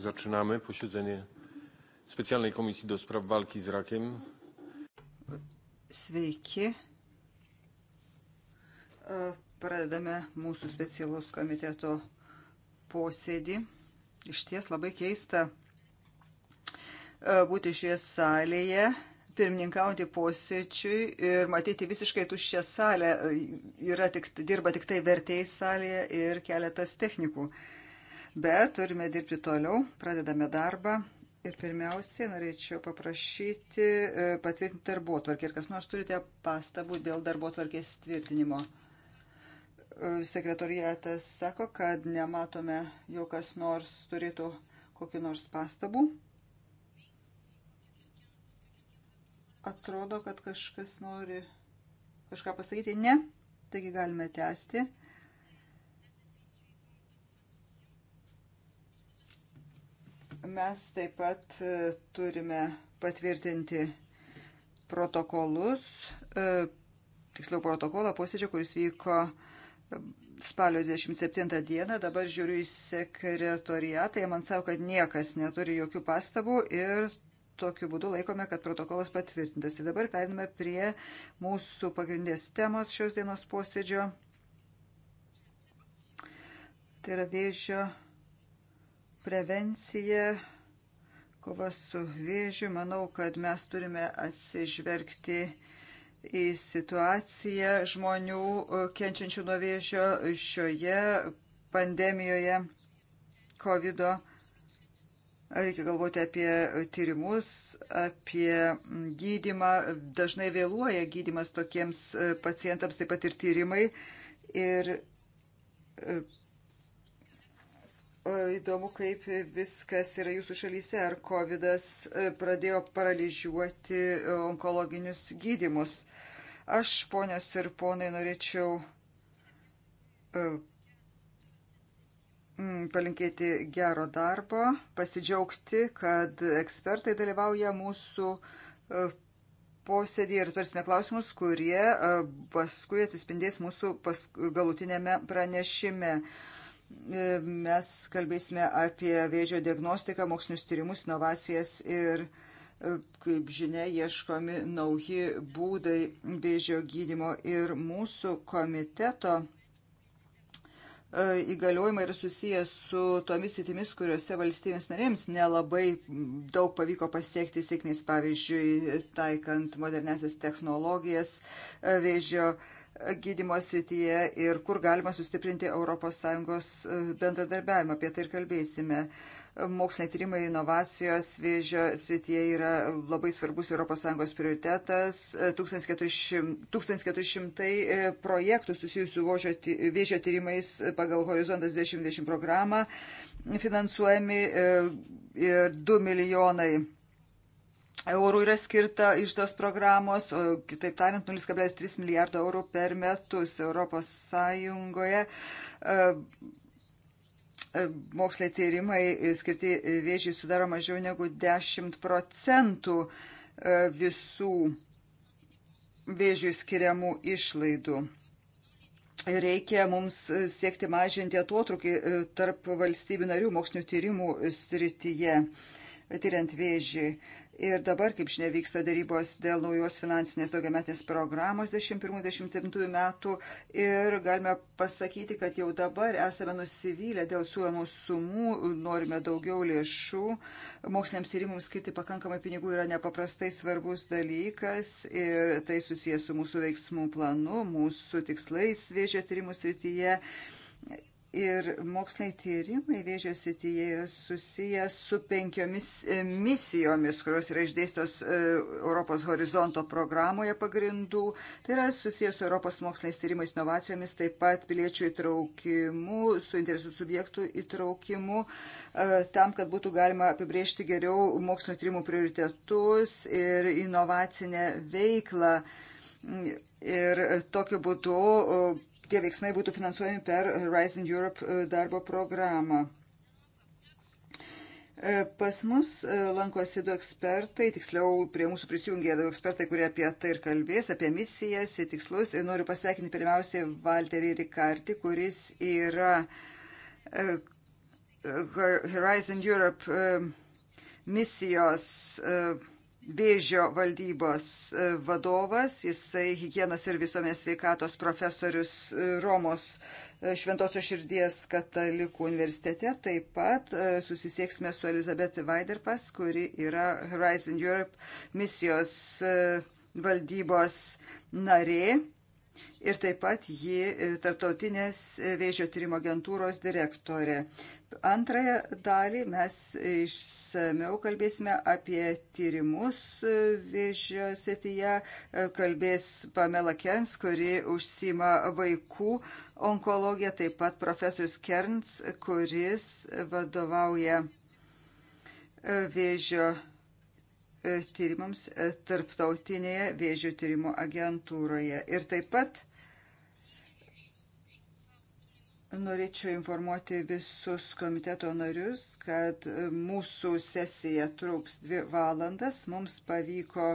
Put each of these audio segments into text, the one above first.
Zaczynamy posiedzenie specjalnej komisji do spraw walki z rakiem. Sveiki. E, pradedame mūsų specialus komiteto posėdį. Iš ties labai keista e, būti šioje salėje, pirmininkauti posėčiui ir matyti visiškai tuščią salę. E, yra tik, dirba tik tai vertėjai salėje ir keletas technikų. Uh, bet turime dirbti toliau, pradedame darbą. Ir pirmiausiai norėčiau paprašyti e, patvirtinti darbo tvarkį. Ir kas nors turite pastabų dėl darbo tvarkės tvirtinimo? E, Sekretorijatas sako, kad nematome, jog kas nors turėtų kokiu nors pastabų. Atrodo, kad kažkas nori kažką pasakyti. Ne. Taigi galime tęsti. Mes taip pat e, turime patvirtinti protokolus, e, tiksliau protokolą posėdžio, kuris vyko e, spalio 27 dieną, dabar žiūriu į sekretoriatą, jie man savo, kad niekas neturi jokių pastabų ir tokiu būdu laikome, kad protokolas patvirtintas. Ir tai dabar periname prie mūsų pagrindės temos šios dienos posėdžio. Tai yra vėžio prevencija, kova su vėžiu. Manau, kad mes turime atsižvelgti į situaciją žmonių e, kenčiančių nuo vėžio šioje pandemijoje COVID-19. Reikia galvoti apie tyrimus, apie gydimą. Dažnai vėluoja gydimas tokiems e, pacientams, taip pat ir tyrimai. Ir e, Įdomu, kaip viskas yra jūsų šalyse, ar COVID e, pradėjo paralyžiuoti onkologinius gydimus. Aš, ponios ir ponai, norėčiau e, palinkėti gero darbo, pasidžiaugti, kad ekspertai dalyvauja mūsų e, posėdį ir tarsime klausimus, kurie paskui atsispindės mūsų galutinėme pranešime. E, mes kalbėsime apie vėžio diagnostiką, mokslinius tyrimus, inovacijas ir, e, kaip žinia, ieškomi nauji būdai vėžio gydimo ir mūsų komiteto e, įgaliojimai yra susijęs su tomis įtimis, kuriuose valstybės narėms nelabai daug pavyko pasiekti sėkmės, pavyzdžiui, taikant modernesias technologijas vėžio uh, gydymo srityje ir kur galima sustiprinti ES e, bendradarbiavimą. Apie tai ir kalbėsime. Moksliniai tyrimai, inovacijos vėžio srityje yra labai svarbus ES prioritetas. 1400, e, 1400 e, projektų susijusių vėžio tyrimais pagal Horizontas 2020 programą finansuojami ir 2 milijonai eurų yra skirta iš tos programos, o kitaip tariant 0,3 milijardo eurų per metus Europos Sąjungoje. E, e, moksliniai tyrimai skirti vėžiai sudaro mažiau negu 10 procentų e, visų vėžiui skiriamų išlaidų. Reikia mums siekti mažinti atotrukį tarp valstybių narių mokslinių tyrimų srityje, tyriant vėžį. Ir dabar, kaip žinia, vyksta darybos dėl naujos finansinės daugiametės programos 21-27 metų ir galime pasakyti, kad jau dabar esame nusivylę dėl siūlomų sumų, norime daugiau lėšų. Moksliniams tyrimams skirti pakankamai pinigų yra nepaprastai svarbus dalykas ir tai susijęs su mūsų veiksmų planu, mūsų tikslais vėžio tyrimų srityje Ir moksliniai tyrimai vėžio sityje yra susiję su penkiomis e, misijomis, kurios yra išdėstos e, Europos horizonto programoje pagrindų. Tai yra susiję su Europos moksliniais tyrimais inovacijomis, taip pat piliečių įtraukimu, su interesų subjektų įtraukimu, e, tam, kad būtų galima apibriežti geriau mokslinio tyrimų prioritetus ir inovacinę veiklą. Ir tokiu būdu tie veiksmai būtų finansuojami per Rising Europe e, darbo programą. E, pas mus e, lankosi du ekspertai, tiksliau prie mūsų prisijungė du ekspertai, kurie apie tai ir kalbės, apie misijas ir tikslus. Ir noriu pasveikinti pirmiausiai Valterį Rikartį, kuris yra Horizon Europe misijos vėžio valdybos e, vadovas, jisai hygienos ir visuomės sveikatos profesorius e, Romos e, Šventosios širdies katalikų universitete. Taip pat susisieksime su Elizabeth Weiderpas, kuri yra Horizon Europe misijos valdybos narė ir taip pat ji e, Tarptautinės e, vėžio tyrimo agentūros direktorė. Antrąją dalį mes išsameu kalbėsime apie tyrimus e, vėžio setyje. Kalbės Pamela Kerns, kuri užsima vaikų onkologiją, taip pat profesorius Kerns, kuris vadovauja vėžio E, tyrimams e, tarptautinėje vėžių tyrimo agentūroje. Ir taip pat norėčiau informuoti visus komiteto narius, kad mūsų sesija truks dvi valandas. Mums pavyko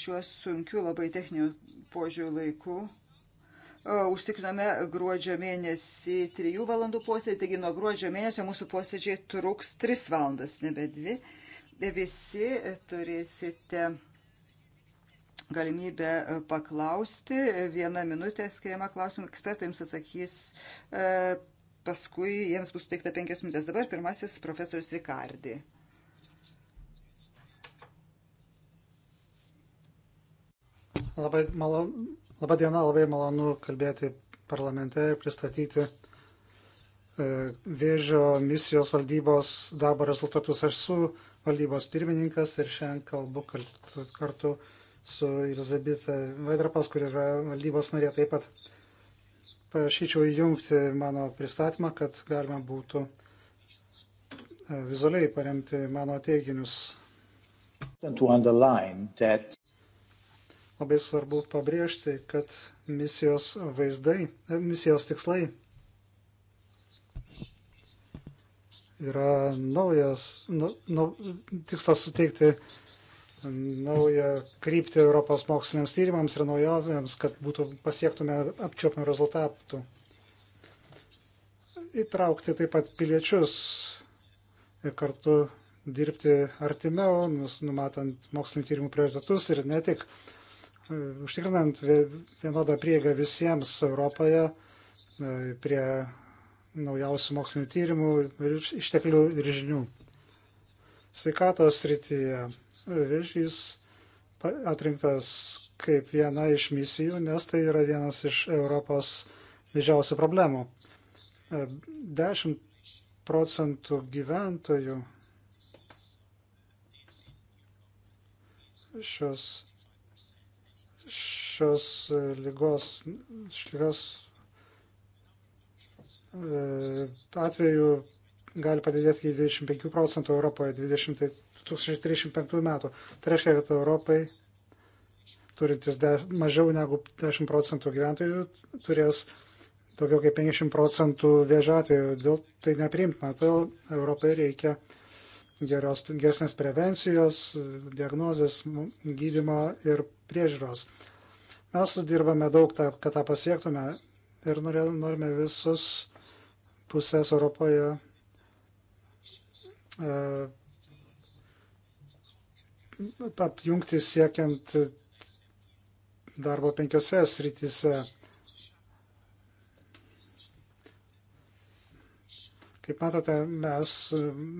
šiuos sunkių labai techninių požiūrių laikų E, užtikrinome gruodžio mėnesį 3 valandų posėdį, taigi nuo gruodžio mėnesio mūsų posėdžiai truks 3 valandas, nebe 2. Visi turėsite galimybę e, paklausti, vieną minutę skiriama klausimų, ekspertai jums atsakys, e, paskui jiems bus suteikta 5 minutės. Dabar pirmasis profesorius Rikardi. Labai malonu Labą dieną, labai malonu kalbėti parlamente ir pristatyti e, vėžio misijos valdybos darbo rezultatus. Aš esu valdybos pirmininkas ir šiandien kalbu kartu su Elizabeta Vaidrapas, kur yra valdybos narė taip pat. Prašyčiau įjungti mano pristatymą, kad galima būtų e, vizualiai paremti mano teiginius. That... Labai svarbu pabrėžti, kad misijos vaizdai, misijos tikslai yra naujas, nu, nu, tikslas suteikti naują kryptį Europos moksliniams tyrimams ir naujovėms, kad būtų pasiektume apčiopimų rezultatų. Įtraukti taip pat piliečius ir kartu dirbti artimiau, numatant mokslinio tyrimų prioritetus ir ne tik. Uh, E, užtikrinant vienodą prieigą visiems Europoje e, prie naujausių mokslinių tyrimų, išteklių ir žinių. Sveikatos srityje e, vėžys atrinktas kaip viena iš misijų, nes tai yra vienas iš Europos didžiausių problemų. 10 procentų gyventojų šios šios e, lygos, šios e, atveju gali padidėti iki 25 procentų Europoje 20, 2035 metų. Tai reiškia, kad Europai turintis de, mažiau negu 10 procentų gyventojų turės daugiau kaip 50 procentų vėžio atveju. Dėl tai nepriimtina. Todėl Europai reikia uh, geros, geresnės prevencijos, diagnozės, gydimo ir priežiūros. Mes dirbame daug, ta, kad tą pasiektume ir norime visus pusės Europoje e, apjungti siekiant darbo penkiose srityse Kaip matote, mes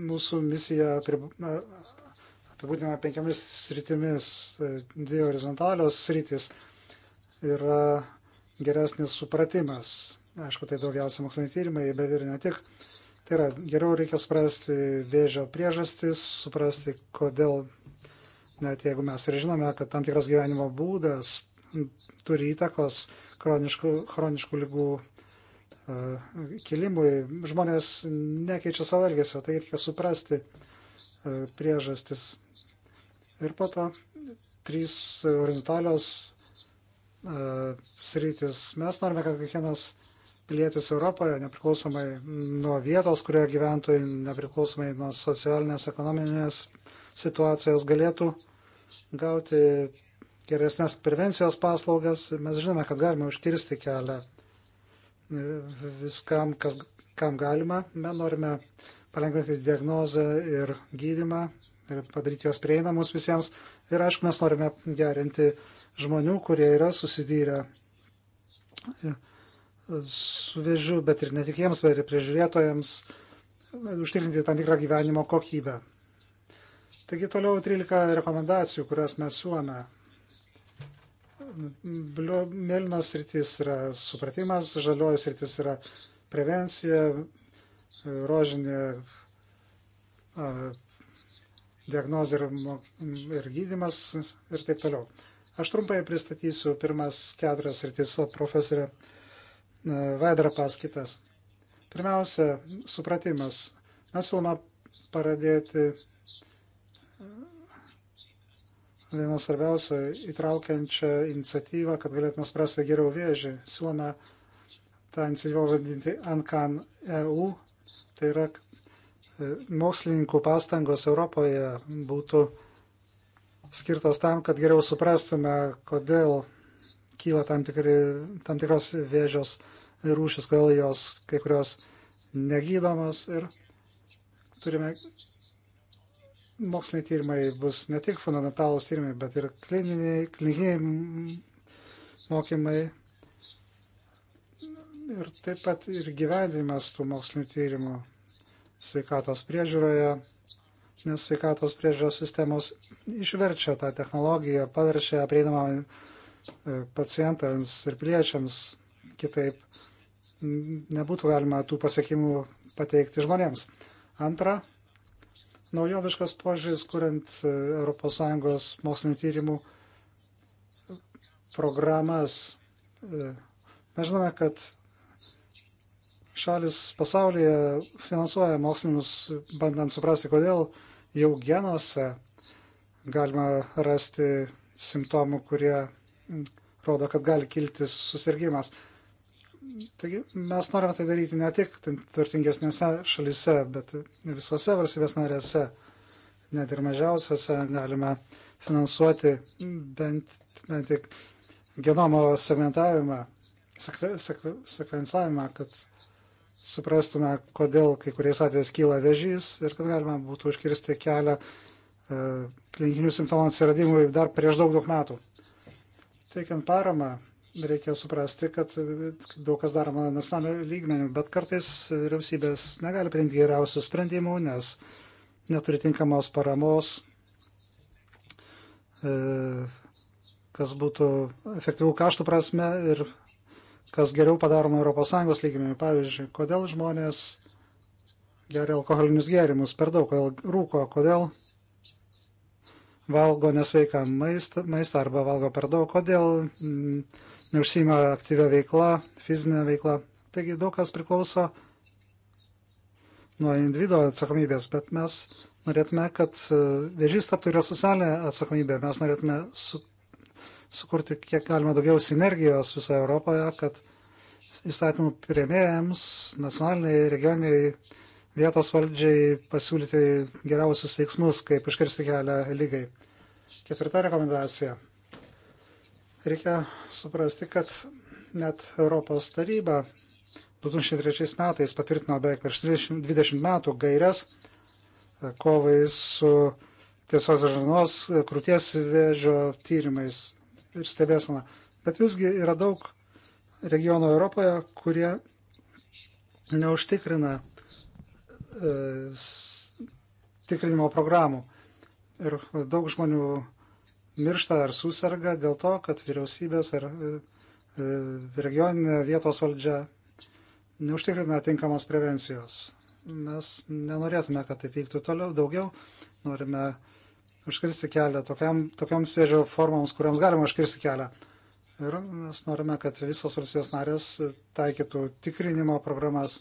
mūsų misiją apibūdiname penkiamis sritimis. E, dvi horizontalios sritis yra geresnis supratimas. Aišku, tai daugiausia moksliniai tyrimai, bet ir ne tik. Tai yra, geriau reikia suprasti vėžio priežastis, suprasti, kodėl, net jeigu mes ir žinome, kad tam tikras gyvenimo būdas turi įtakos chroniškų, chroniškų lygų kilimui. Žmonės nekeičia savo elgesio, tai reikia suprasti e, priežastis. Ir po to trys horizontalios e, sritis. Mes norime, kad kiekvienas pilietis Europoje, nepriklausomai nuo vietos, kurioje gyventojai, nepriklausomai nuo socialinės, ekonominės situacijos, galėtų gauti geresnės prevencijos paslaugas. Mes žinome, kad galime užkirsti kelią viskam, kas, kam galima. Mes norime palengvinti diagnozę ir gydimą ir padaryti juos prieinamus visiems. Ir aišku, mes norime gerinti žmonių, kurie yra susidyrę su vėžiu, bet ir ne tik jiems, bet ir priežiūrėtojams, užtikrinti tam tikrą gyvenimo kokybę. Taigi toliau 13 rekomendacijų, kurias mes siūlome Mėlynos rytis yra supratimas, žaliojus rytis yra prevencija, rožinė diagnozė ir, ir gydimas ir taip toliau. Aš trumpai pristatysiu pirmas keturias rytis, o profesorė Vaidra paskaitas. Pirmiausia, supratimas. Mes siūloma pradėti viena svarbiausia įtraukiančia iniciatyva, kad galėtume spręsti geriau vėžį. Siūlome tą iniciatyvą vadinti Ankan EU. Tai yra e, mokslininkų pastangos Europoje būtų skirtos tam, kad geriau suprastume, kodėl kyla tam, tikri, tam tikros vėžios rūšis, kodėl jos kai kurios negydomos ir turime moksliniai tyrimai bus ne tik fundamentalūs tyrimai, bet ir klininiai, klininiai mokymai ir taip pat ir gyvenimas tų mokslinių tyrimų sveikatos priežiūroje, nes sveikatos priežiūros sistemos išverčia tą technologiją, paverčia prieinamą e, pacientams ir piliečiams kitaip nebūtų galima tų pasiekimų pateikti žmonėms. Antra, Naujoviškas požiūris, kuriant ES mokslinių tyrimų programas. E, mes žinome, kad šalis pasaulyje finansuoja mokslinius, bandant suprasti, kodėl jau genuose galima rasti simptomų, kurie rodo, kad gali kilti susirgymas. Taigi mes norime tai daryti ne tik turtingesnėse šalise, bet visose valstybės narėse. Net ir mažiausiose galime finansuoti bent, bent tik genomo segmentavimą, sekre, sekre, sekvencavimą, kad suprastume, kodėl kai kuriais atvejais kyla vežys ir kad galima būtų užkirsti kelią e, klinikinių simptomų atsiradimui dar prieš daug daug metų. Teikiant paramą, reikia suprasti, kad daug kas daroma nacionaliniu lygmeniu, bet kartais vyriausybės negali priimti geriausių sprendimų, nes neturi tinkamos paramos, e, kas būtų efektyvų kaštų prasme ir kas geriau padaroma ES lygmeniu. Pavyzdžiui, kodėl žmonės geria alkoholinius gėrimus per daug, kodėl rūko, kodėl valgo nesveiką maistą, maistą arba valgo per daug, kodėl mm, neužsima aktyvę veiklą, fizinę veiklą. Taigi daug kas priklauso nuo individuo atsakomybės, bet mes norėtume, kad e, vėžys taptų ir socialinė atsakomybė. Mes norėtume su, sukurti kiek galima daugiau sinergijos visoje Europoje, kad įstatymų prieimėjams, nacionaliniai, regioniai vietos valdžiai pasiūlyti geriausius veiksmus, kaip užkirsti kelią lygai. Ketvirta rekomendacija. Reikia suprasti, kad net Europos taryba 2003 metais patvirtino beveik prieš 20 metų gairias e, kovai su tiesos žarnos e, krūties vėžio tyrimais ir stebėsena. Bet visgi yra daug regionų Europoje, kurie neužtikrina E, tikrinimo programų. Ir daug žmonių miršta ar susirga dėl to, kad vyriausybės ar e, e, regioninė vietos valdžia neužtikrina tinkamos prevencijos. Mes nenorėtume, kad taip vyktų toliau daugiau, norime užkirsti kelią tokiam, tokiams vėžio formoms, kuriams galima užkirsti kelią. Ir mes norime, kad visos valstybės narės taikytų tikrinimo programas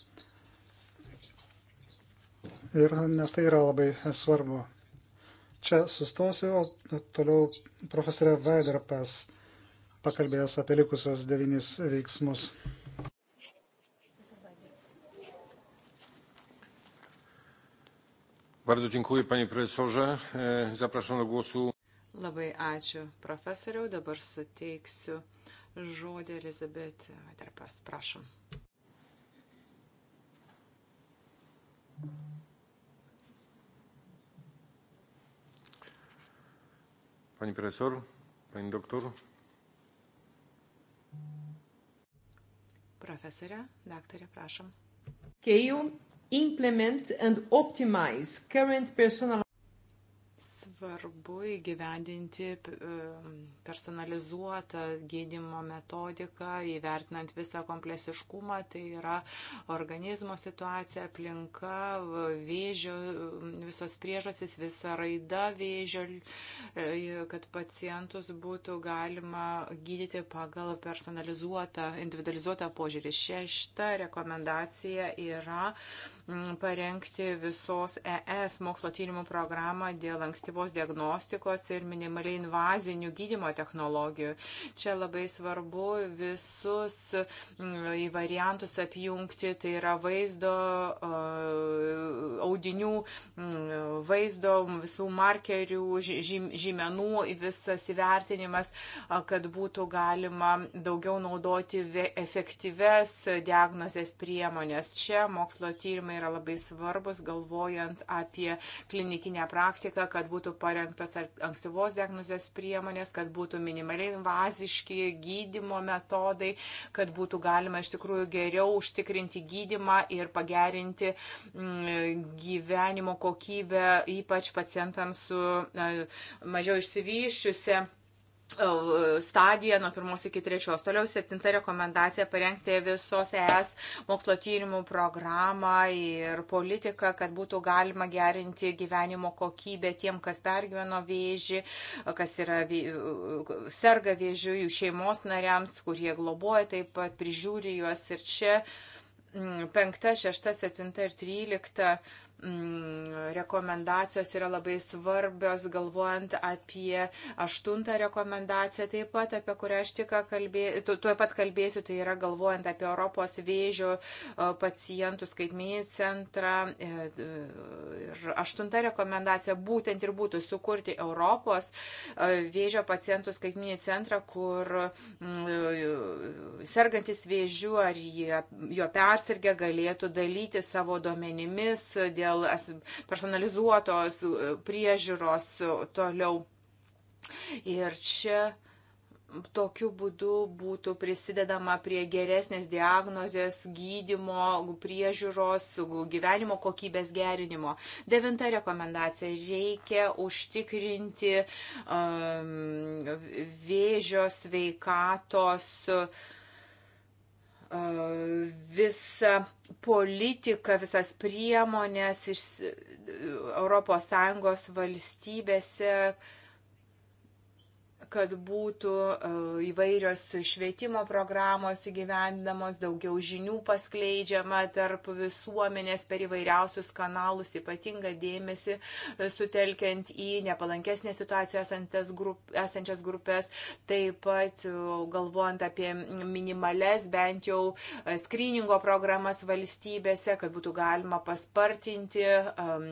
ir, nes tai yra labai svarbu. Čia sustosiu, o toliau profesorė Vaiderpas pakalbėjęs apie likusios devynis veiksmus. Bardzo dziękuję, panie profesorze. E, zapraszam do głosu. Labai ačiū, profesoriau. Dabar suteiksiu žodį Elizabet Vaterpas. Prašom. Thank you. Pani profesor, pani doktor. Profesorė, daktarė, prašom. Scale, implement and optimize current personal svarbu įgyvendinti um, personalizuotą gydimo metodiką, įvertinant visą kompleksiškumą, tai yra organizmo situacija, aplinka, vėžio, um, visos priežasis, visa raida vėžio, e, kad pacientus būtų galima gydyti pagal personalizuotą, individualizuotą požiūrį. Šešta rekomendacija yra parengti visos ES mokslo tyrimų programą dėl ankstyvos diagnostikos ir minimaliai invazinių gydimo technologijų. Čia labai svarbu visus į variantus apjungti, tai yra vaizdo, audinių, vaizdo, visų markerių, žymenų, visas įvertinimas, kad būtų galima daugiau naudoti efektyves diagnozės priemonės. Čia mokslo tyrimai klausimai yra labai svarbus, galvojant apie klinikinę praktiką, kad būtų parengtos ankstyvos diagnozės priemonės, kad būtų minimaliai invaziški gydimo metodai, kad būtų galima iš tikrųjų geriau užtikrinti gydimą ir pagerinti mm, gyvenimo kokybę, ypač pacientams su e, mažiau išsivyščiusią E, stadiją nuo pirmos iki trečios. Toliau septinta rekomendacija parengti visos ES mokslo tyrimų programą ir politiką, kad būtų galima gerinti gyvenimo kokybę tiem, kas pergyveno vėžį, kas yra, serga vėžiu, jų šeimos nariams, kurie globoja taip pat, prižiūri juos ir čia penkta, šešta, septinta ir trylikta Mm, rekomendacijos yra labai svarbios, galvojant apie aštuntą rekomendaciją taip pat, apie kurią aš tik kalbėsiu, tu, tuo pat kalbėsiu, tai yra galvojant apie Europos vėžio pacientų skaitminį centrą. E, ir aštunta rekomendacija būtent ir būtų sukurti Europos e, vėžio pacientų skaitminį centrą, kur mm, sergantis vėžiu ar jo persirgę galėtų dalyti savo duomenimis dėl dėl personalizuotos e, priežiūros e, toliau. Ir čia tokiu būdu būtų prisidedama prie geresnės diagnozės, gydimo, priežiūros, gyvenimo kokybės gerinimo. Devinta rekomendacija - reikia užtikrinti um, vėžio sveikatos uh, visą politiką, visas priemonės iš ES valstybėse, kad būtų e, įvairios švietimo programos įgyvendamos, daugiau žinių paskleidžiama tarp visuomenės per įvairiausius kanalus, ypatinga dėmesį e, sutelkiant į nepalankesnę situaciją grup, esančias grupės, taip pat e, galvojant apie minimales bent jau skryningo programas valstybėse, kad būtų galima paspartinti um,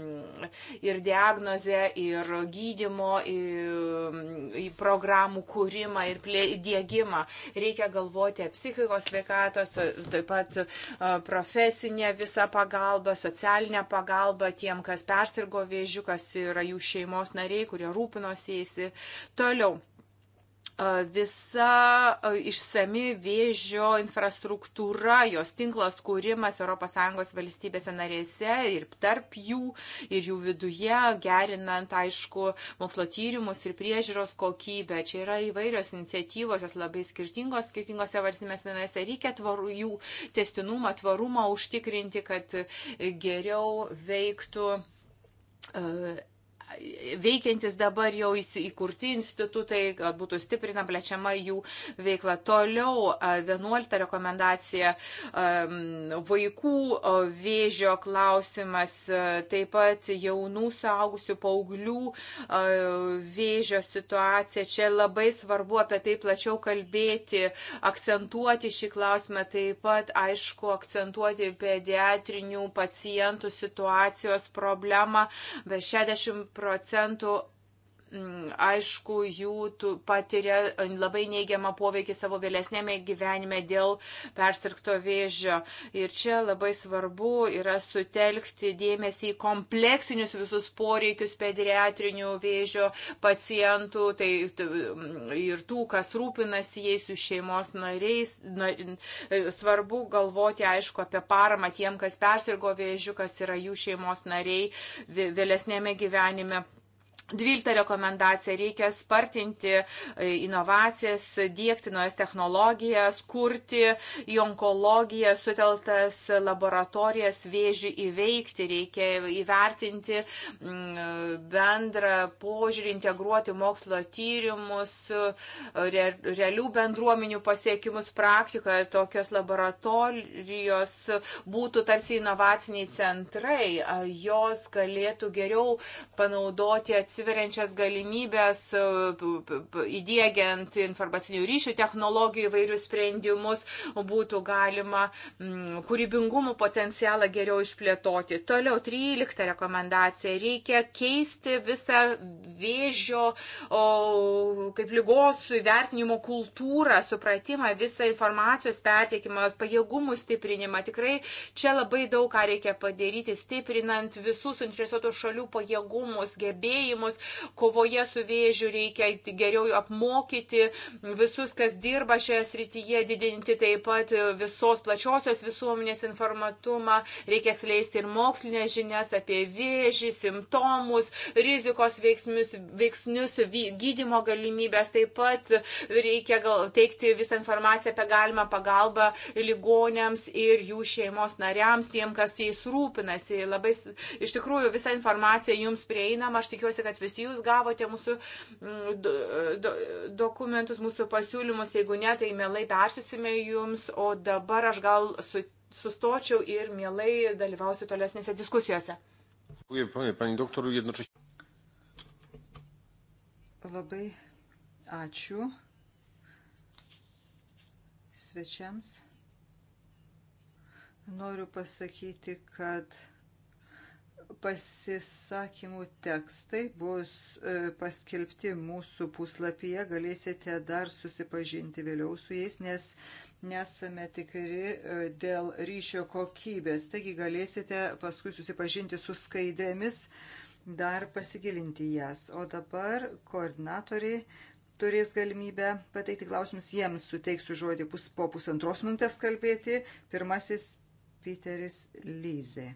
ir diagnozę, ir gydymo į, į programą programų kūrimą ir dėgymą. Reikia galvoti apie psichikos sveikatos, taip pat e, profesinę visą pagalbą, socialinę pagalbą tiem, kas persirgo vėžiu, kas yra jų šeimos nariai, kurie rūpinosi jais ir toliau visa išsami vėžio infrastruktūra, jos tinklas kūrimas ES valstybėse narėse ir tarp jų, ir jų viduje, gerinant, aišku, mokslo tyrimus ir priežiūros kokybę. Čia yra įvairios iniciatyvos, jos labai skirtingos, skirtingose valstybėse narėse. Reikia tvaru, jų testinumą, tvarumą užtikrinti, kad geriau veiktų veikiantis dabar jau įkurti institutai, kad būtų stiprina plečiama jų veikla. Toliau 11 rekomendacija vaikų vėžio klausimas, taip pat jaunų suaugusių paauglių vėžio situacija. Čia labai svarbu apie tai plačiau kalbėti, akcentuoti šį klausimą, taip pat aišku akcentuoti pediatrinių pacientų situacijos problemą. Be 60 procentų aišku, jų patiria labai neigiamą poveikį savo vėlesnėme gyvenime dėl persirkto vėžio. Ir čia labai svarbu yra sutelkti dėmesį į kompleksinius visus poreikius pediatrinių vėžio pacientų tai, ir tų, kas rūpinasi jais, jų šeimos nariais. Na, svarbu galvoti, aišku, apie paramą tiem, kas persirgo vėžiu, kas yra jų šeimos nariai vėlesnėme gyvenime. Dvylikta rekomendacija - reikia spartinti e, inovacijas, dėkti naujas technologijas, kurti į onkologiją suteltas laboratorijas vėžį įveikti, reikia įvertinti bendrą požiūrį, integruoti mokslo tyrimus, realių bendruomenių pasiekimus praktikoje, tokios laboratorijos būtų tarsi inovaciniai centrai, jos galėtų geriau panaudoti atsitikti atsiveriančias galimybės, e, įdėgiant informacinių ryšių technologijų įvairius sprendimus, būtų galima mm, kūrybingumo potencialą geriau išplėtoti. Toliau 13 rekomendacija. Reikia keisti visą vėžio, o, kaip lygos įvertinimo kultūrą, supratimą, visą informacijos perteikimą, pajėgumų stiprinimą. Tikrai čia labai daug ką reikia padaryti, stiprinant visus suinteresuotų šalių pajėgumus, gebėjimus tyrimus, kovoje su vėžiu reikia geriau apmokyti visus, kas dirba šioje srityje, didinti taip pat visos plačiosios visuomenės informatumą, reikia sleisti ir mokslinės žinias apie vėžį, simptomus, rizikos veiksmius, veiksnius, gydimo galimybės, taip pat reikia gal teikti visą informaciją apie galimą pagalbą ligonėms ir jų šeimos nariams, tiem, kas jais rūpinasi. Labai, iš tikrųjų, visa informacija jums prieinama, aš tikiuosi, kad kad visi jūs gavote mūsų mm, do, do, dokumentus, mūsų pasiūlymus. Jeigu ne, tai mielai persisime jums, o dabar aš gal su, sustočiau ir mielai dalyvausiu tolesnėse diskusijose. Labai ačiū svečiams. Noriu pasakyti, kad pasisakymų tekstai bus e, paskelbti mūsų puslapyje, galėsite dar susipažinti vėliau su jais, nes nesame tikri e, dėl ryšio kokybės. Taigi galėsite paskui susipažinti su skaidrėmis, dar pasigilinti jas. O dabar koordinatoriai turės galimybę pateikti klausimus, jiems suteiksiu žodį pus, po pusantros minutės kalbėti. Pirmasis Piteris Lyzė.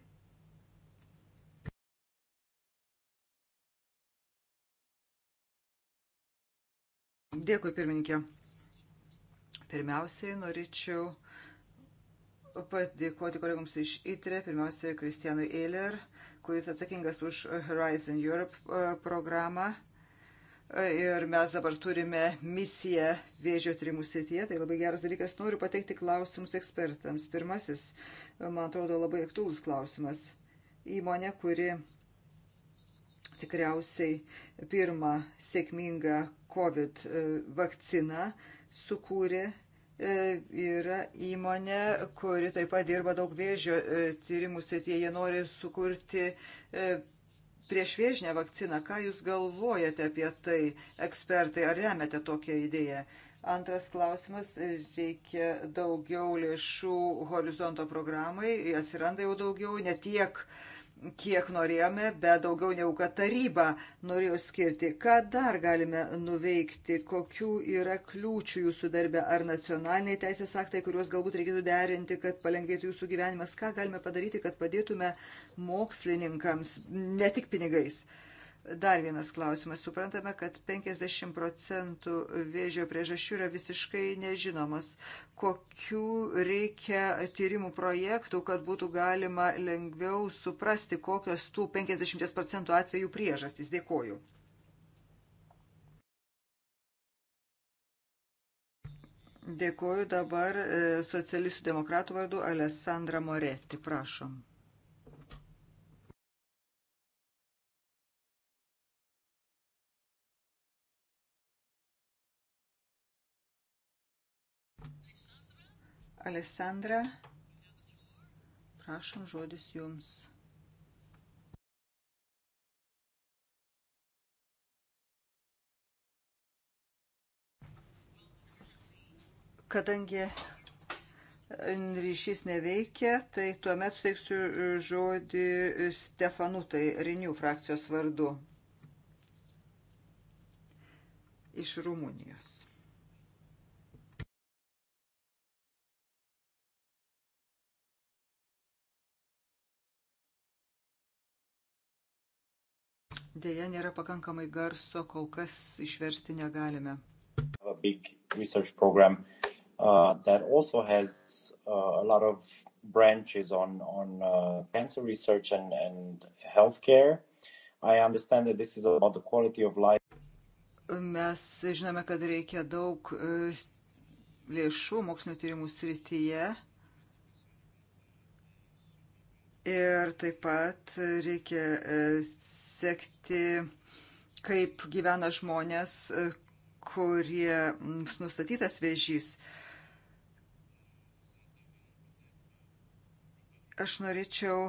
Dėkui, pirmininkė. Pirmiausiai norėčiau padėkoti kolegoms iš ITRE, pirmiausiai Kristianui Eiler, kuris atsakingas už Horizon Europe e, programą. E, ir mes dabar turime misiją vėžio tyrimų srityje, tai labai geras dalykas. Noriu pateikti klausimus ekspertams. Pirmasis, man atrodo, labai aktuolus klausimas. Įmonė, kuri tikriausiai pirmą sėkmingą COVID e, vakciną sukūrė. E, yra įmonė, kuri taip pat dirba daug vėžio e, tyrimų srityje. Jie nori sukurti prieš vėžinę vakciną. Ką Jūs galvojate apie tai, ekspertai, ar remiate tokią idėją? Antras klausimas, reikia daugiau lėšų horizonto programai, atsiranda jau daugiau, ne tiek uh, kiek norėjome, bet daugiau negu kad taryba norėjo skirti. Ką dar galime nuveikti, kokių yra kliūčių jūsų darbė, ar nacionaliniai teisės aktai, kuriuos galbūt reikėtų derinti, kad palengvėtų jūsų gyvenimas, ką galime padaryti, kad padėtume mokslininkams, ne tik pinigais. Uh, Dar vienas klausimas. Suprantame, kad 50 procentų vėžio priežasčių yra visiškai nežinomos. Kokių reikia tyrimų projektų, kad būtų galima lengviau suprasti, kokios tų 50 procentų atvejų priežastys? Dėkoju. Dėkoju dabar e, socialistų demokratų vardu Alessandra Moretti. Prašom. Alessandra, prašom žodis jums. Kadangi e, ryšys neveikia, tai tuomet suteiksiu e, žodį Stefanutai Rinių frakcijos vardu iš Rumunijos. Deja, nėra pakankamai garso, kol kas išversti negalime. Uh, that also has uh, a lot of branches on on uh, cancer research and and healthcare. I understand that this is about the quality of life. Mes žinome, kad reikia daug e, lėšų mokslinio tyrimų srityje ir taip pat reikia e, sekti, kaip gyvena žmonės, e, kurie nustatytas vėžys. Aš norėčiau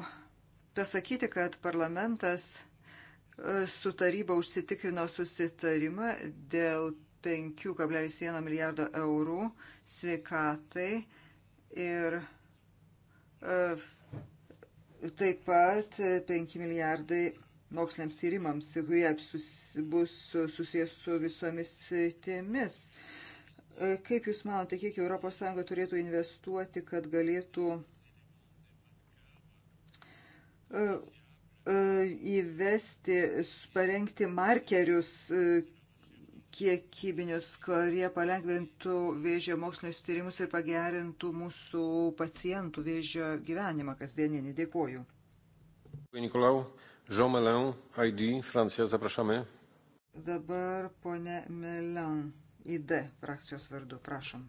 pasakyti, kad parlamentas e, su taryba užsitikrino susitarimą dėl 5,1 milijardo eurų sveikatai ir Taip pat 5 e, milijardai moksliniams tyrimams, kurie bus susijęs su visomis sritimis. E, kaip Jūs manote, kiek ES turėtų investuoti, kad galėtų e, įvesti, parengti markerius kiekybinius, kurie palengvintų vėžio mokslinius tyrimus ir pagerintų mūsų pacientų vėžio gyvenimą kasdieninį. Dėkuoju. Nikolau, Jean Melin, ID, Francija, zaprašame. Dabar ponė Melin, ID frakcijos vardu, prašom.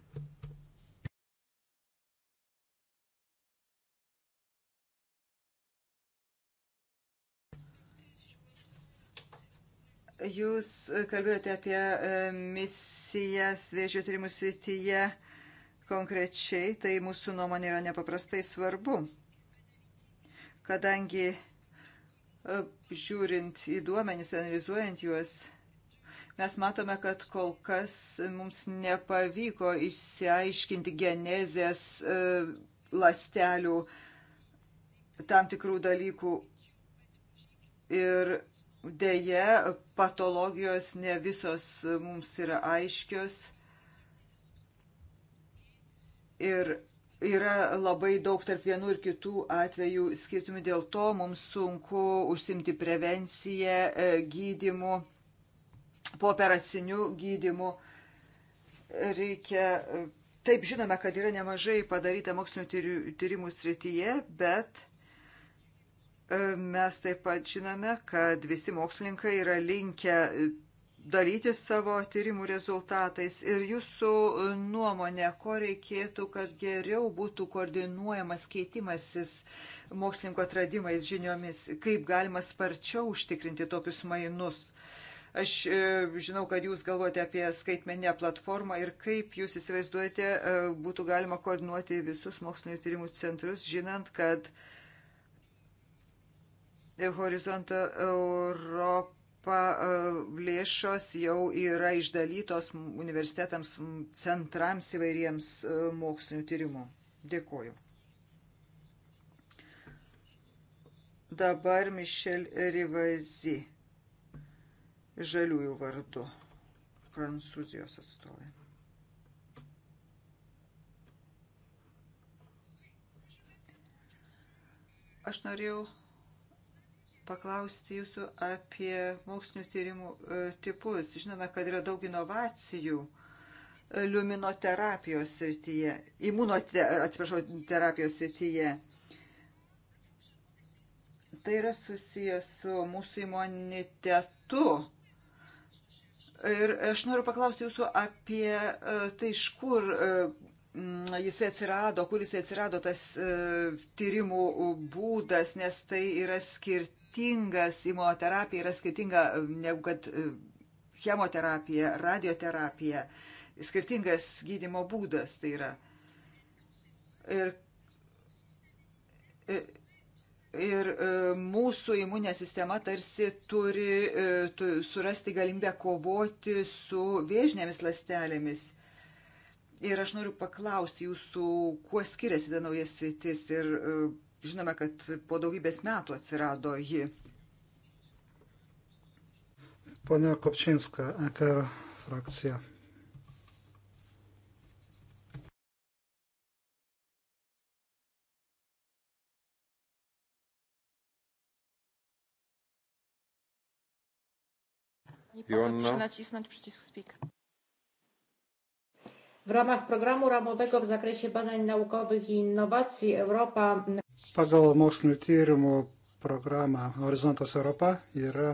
Jūs e, kalbėjote apie e, misijas vėžio tyrimų srityje konkrečiai, tai mūsų nuomonė yra nepaprastai svarbu, kadangi e, žiūrint į duomenys, analizuojant juos, mes matome, kad kol kas mums nepavyko išsiaiškinti genezės lastelių tam tikrų dalykų ir Deja, patologijos ne visos mums yra aiškios ir yra labai daug tarp vienų ir kitų atvejų skirtumų. Dėl to mums sunku užsimti prevenciją, e, gydimu, pooperaciniu gydimu. Reikia. E, taip žinome, kad yra nemažai padaryta mokslinio tyrimų srityje, bet Mes taip pat žinome, kad visi mokslininkai yra linkę dalyti savo tyrimų rezultatais. Ir jūsų nuomonė, ko reikėtų, kad geriau būtų koordinuojamas keitimasis mokslininko atradimais žiniomis, kaip galima sparčiau užtikrinti tokius mainus. Aš e, žinau, kad jūs galvojate apie skaitmenę platformą ir kaip jūs įsivaizduojate, e, būtų galima koordinuoti visus mokslinio tyrimų centrus, žinant, kad uh, Horizonto Europa e, lėšos jau yra išdalytos universitetams, centrams įvairiems e, mokslinių tyrimų. Dėkuoju. Dabar Mišel Rivazi, žaliųjų vardu, prancūzijos atstovė. Aš norėjau paklausti jūsų apie mokslinių tyrimų e, tipus. Žinome, kad yra daug inovacijų e, liuminoterapijos srityje, imunote, atsiprašau, terapijos srityje. Tai yra susijęs su mūsų imunitetu. Ir aš noriu paklausti jūsų apie e, tai, iš kur jis atsirado, kur jis atsirado tas tyrimų būdas, nes tai yra skirti skirtingas, imunoterapija yra skirtinga um, negu kad um, chemoterapija, radioterapija, skirtingas gydimo būdas tai yra. Ir, ir, ir um, mūsų imuninė sistema tarsi turi uh, tu, surasti galimybę kovoti su vėžinėmis lastelėmis. Ir aš noriu paklausti jūsų, kuo skiriasi ta nauja sritis ir uh, Žinome, kad po daugybės metų atsirado ji. Pone Kopčinska, EKR frakcija. Nie poseł Joanna. nacisnąć przycisk speak. W ramach programu ramowego w zakresie badań naukowych i innowacji Europa. Pagal mokslinių tyrimų programą Horizontas Europa yra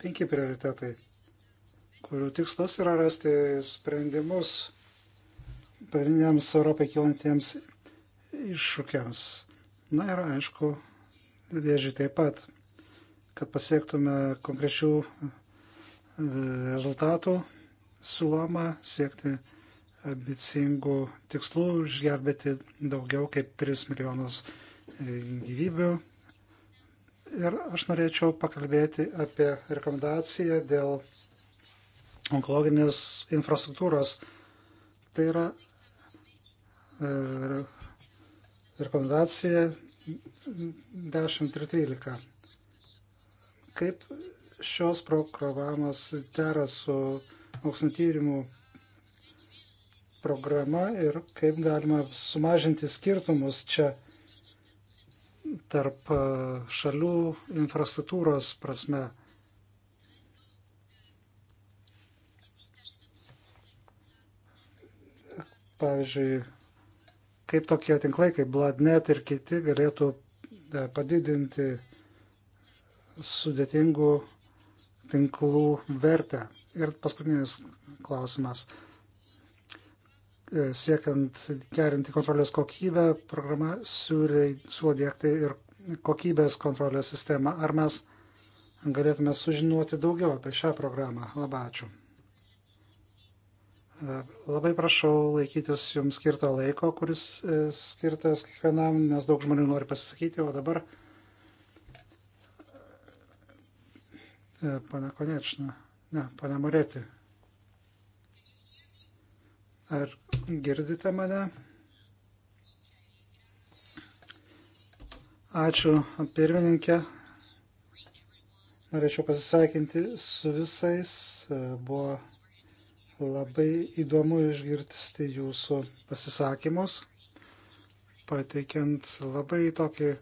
penki prioritetai, kurių tikslas yra rasti sprendimus pagrindiniams Europai kilantiems iššūkiams. Na ir aišku, vėžiui taip pat, kad pasiektume konkrečių e, rezultatų, siūloma siekti ambicingų tikslų išgelbėti daugiau kaip 3 milijonus e, gyvybių. Ir aš norėčiau pakalbėti apie rekomendaciją dėl onkologinės infrastruktūros. Tai yra e, rekomendacija 10.13. Kaip šios programos dera su mokslinio tyrimų programa ir kaip galima sumažinti skirtumus čia tarp e, šalių infrastruktūros prasme. Pavyzdžiui, kaip tokie tinklai kaip Bladnet ir kiti galėtų e, padidinti sudėtingų tinklų vertę. Ir paskutinis klausimas. E, siekiant gerinti kontrolės kokybę, programa siūlo dėkti ir kokybės kontrolės sistemą. Ar mes galėtume sužinoti daugiau apie šią programą? Labai ačiū. E, labai prašau laikytis jums skirto laiko, kuris e, skirtas kiekvienam, nes daug žmonių nori pasisakyti, o dabar. Pane Konečna, ne, pane Morėti. Ar girdite mane? Ačiū pirmininkė. Norėčiau pasisveikinti su visais. Buvo labai įdomu išgirsti jūsų pasisakymus, pateikiant labai tokį e,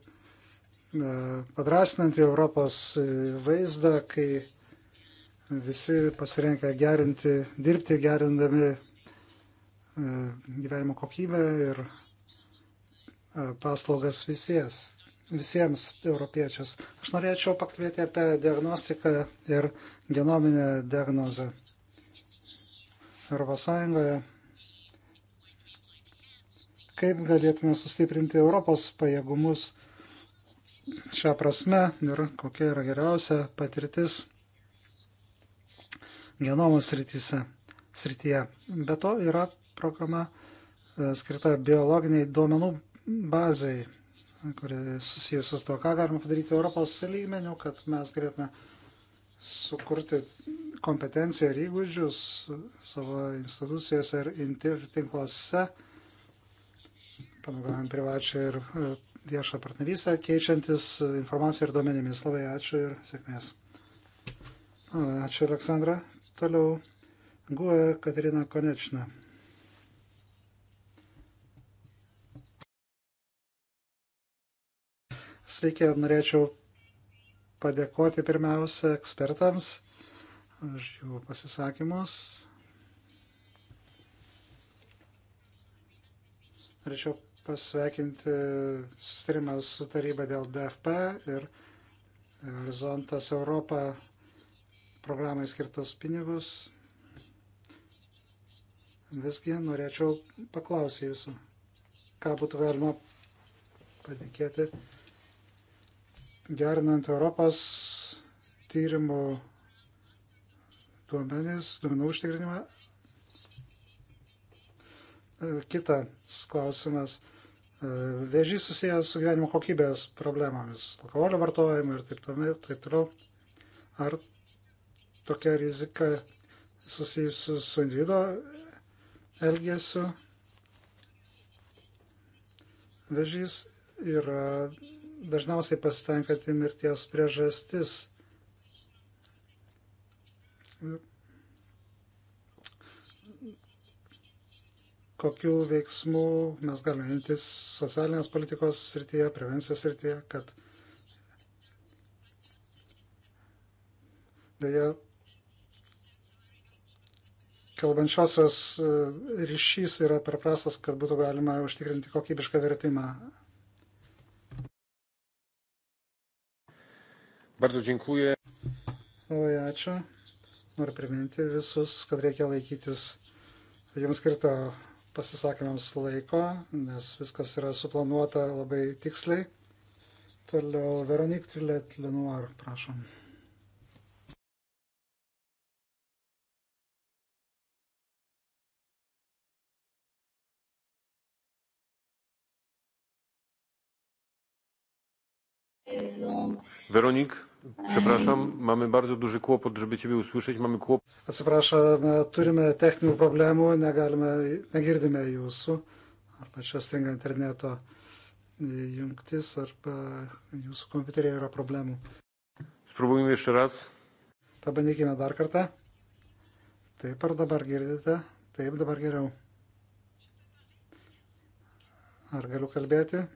padrasinantį Europos vaizdą, kai visi pasirenka gerinti, dirbti gerindami E, gyvenimo kokybę ir e, paslaugas visies, visiems europiečius. Aš norėčiau pakalbėti apie diagnostiką ir genominę diagnozę. Europos Sąjungoje. Kaip galėtume sustiprinti Europos pajėgumus šią prasme ir kokia yra geriausia patirtis genomos srityse, srityje. Be to yra programa e, skirta biologiniai duomenų bazai, kuri susijęs su to, ką galima padaryti Europos lygmenių, kad mes galėtume sukurti kompetenciją ir įgūdžius savo institucijose ir tinkluose, panaudojant privačią ir e, viešą partnerystę, keičiantis informaciją ir duomenimis. Labai ačiū ir sėkmės. Ačiū, Aleksandra. Toliau guoja Katerina Konečna. Sveiki, norėčiau padėkoti pirmiausia ekspertams už jų pasisakymus. Norėčiau pasveikinti sustarimą su taryba dėl DFP ir Horizontas Europą programai skirtus pinigus. Visgi norėčiau paklausyti jūsų, ką būtų galima patikėti gerinant Europos tyrimų duomenys, duomenų užtikrinimą. E, kitas klausimas. E, vėžys susijęs su gyvenimo kokybės problemomis, alkoholio vartojimu ir taip toliau. Ar tokia rizika susijusi su individuo elgesiu? Vėžys yra dažniausiai pasitenkanti mirties priežastis. Kokių veiksmų mes galime imtis socialinės politikos srityje, prevencijos srityje, kad dėja kalbančiosios ryšys yra per prastas, kad būtų galima užtikrinti kokybišką vertimą. Bardzo dziękuję. Labai ačiū. Noriu priminti visus, kad reikia laikytis jums skirto pasisakymams laiko, nes viskas yra suplanuota labai tiksliai. Toliau Veronik Trillet Lenoir, prašom. Exemple. Weronik, przepraszam, mamy bardzo duży kłopot, żeby Ciebie usłyszeć, mamy kłopot. Atsiprašome, turime techninių problemų, negalime, negirdime Jūsų, arba čia stringa interneto e, jungtis, arba Jūsų kompiuterėje yra problemų. Spróbujmy jeszcze raz. Pabandykime dar kartą. Taip, ar dabar girdite? Taip, dabar geriau. Ar galiu kalbėti?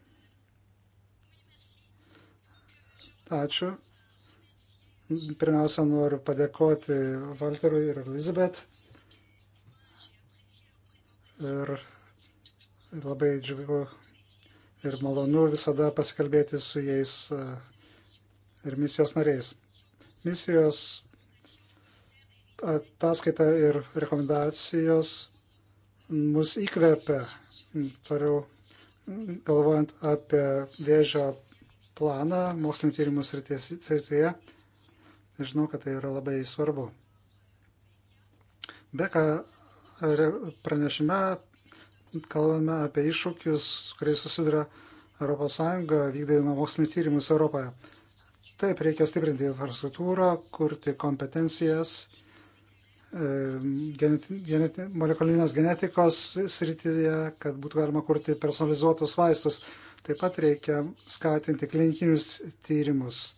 Ačiū. Pirmiausia, noriu padėkoti Valterui ir Elizabet. Ir labai džiugu ir malonu visada pasikalbėti su jais e, ir misijos nariais. Misijos ataskaita ir rekomendacijos mus įkvepia, toliau galvojant apie vėžio planą mokslinio tyrimų srityje. Žinau, kad tai yra labai svarbu. Beka pranešime kalbame apie iššūkius, kuriais susiduria ES vykdydama mokslinius tyrimus Europoje. Taip, reikia stiprinti infrastruktūrą, kurti kompetencijas, geneti, geneti, molekulinės genetikos srityje, kad būtų galima kurti personalizuotus vaistus. Taip pat reikia skatinti klinikinius tyrimus, e,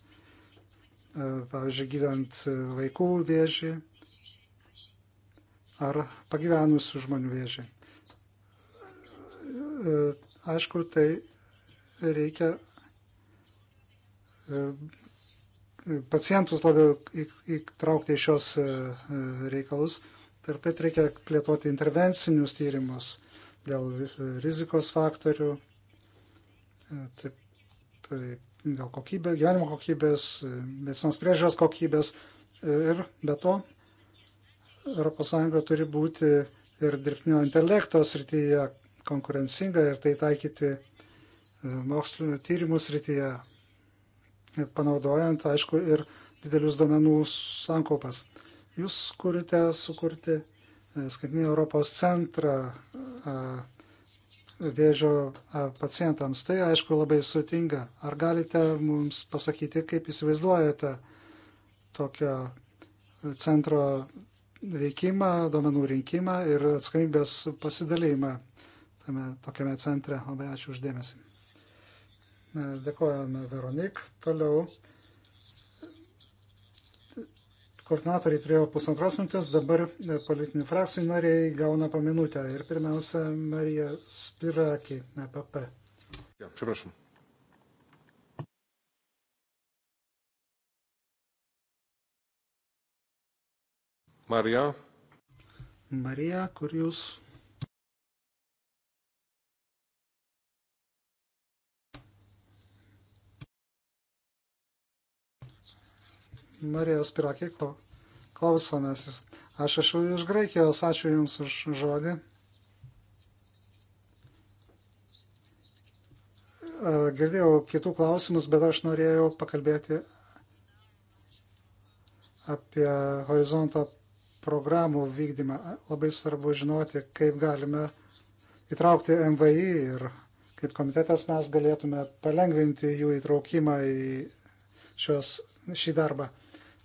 pavyzdžiui, gydant e, vaikų vėžį ar pagyvenusių žmonių vėžį. E, aišku, tai reikia pacientus labiau įtraukti į šios reikalus. Taip pat reikia plėtoti intervencinius tyrimus dėl rizikos faktorių, taip, dėl kokybė, gyvenimo kokybės, medicinos priežiūros kokybės ir be to ES turi būti ir dirbtinio intelekto srityje konkurencinga ir tai taikyti e, mokslinio tyrimų srityje, panaudojant, aišku, ir didelius domenų sankaupas. Jūs kurite sukurti e, skaitinį Europos centrą vėžio pacientams. Tai aišku labai sutinga. Ar galite mums pasakyti, kaip įsivaizduojate tokio centro veikimą, duomenų rinkimą ir atskaimybės pasidalymą tame tokiame centre. Labai ačiū uždėmesį. Dėkojame Veronik. Toliau Koordinatoriai turėjo pusantros minutės, dabar e, politinių frakcijų nariai gauna po minutę. Ir pirmiausia, Marija Spirakė, EPP. Ja, przepraszam. Marija. Marija, kur jūs? Marijos Pirakė, klausomės jūs. Aš esu iš Graikijos, ačiū Jums už žodį. E, girdėjau kitų klausimus, bet aš norėjau pakalbėti apie horizonto programų vykdymą. Labai svarbu žinoti, kaip galime įtraukti MVI ir kaip komitetas mes galėtume palengvinti jų įtraukimą į šios, šį darbą.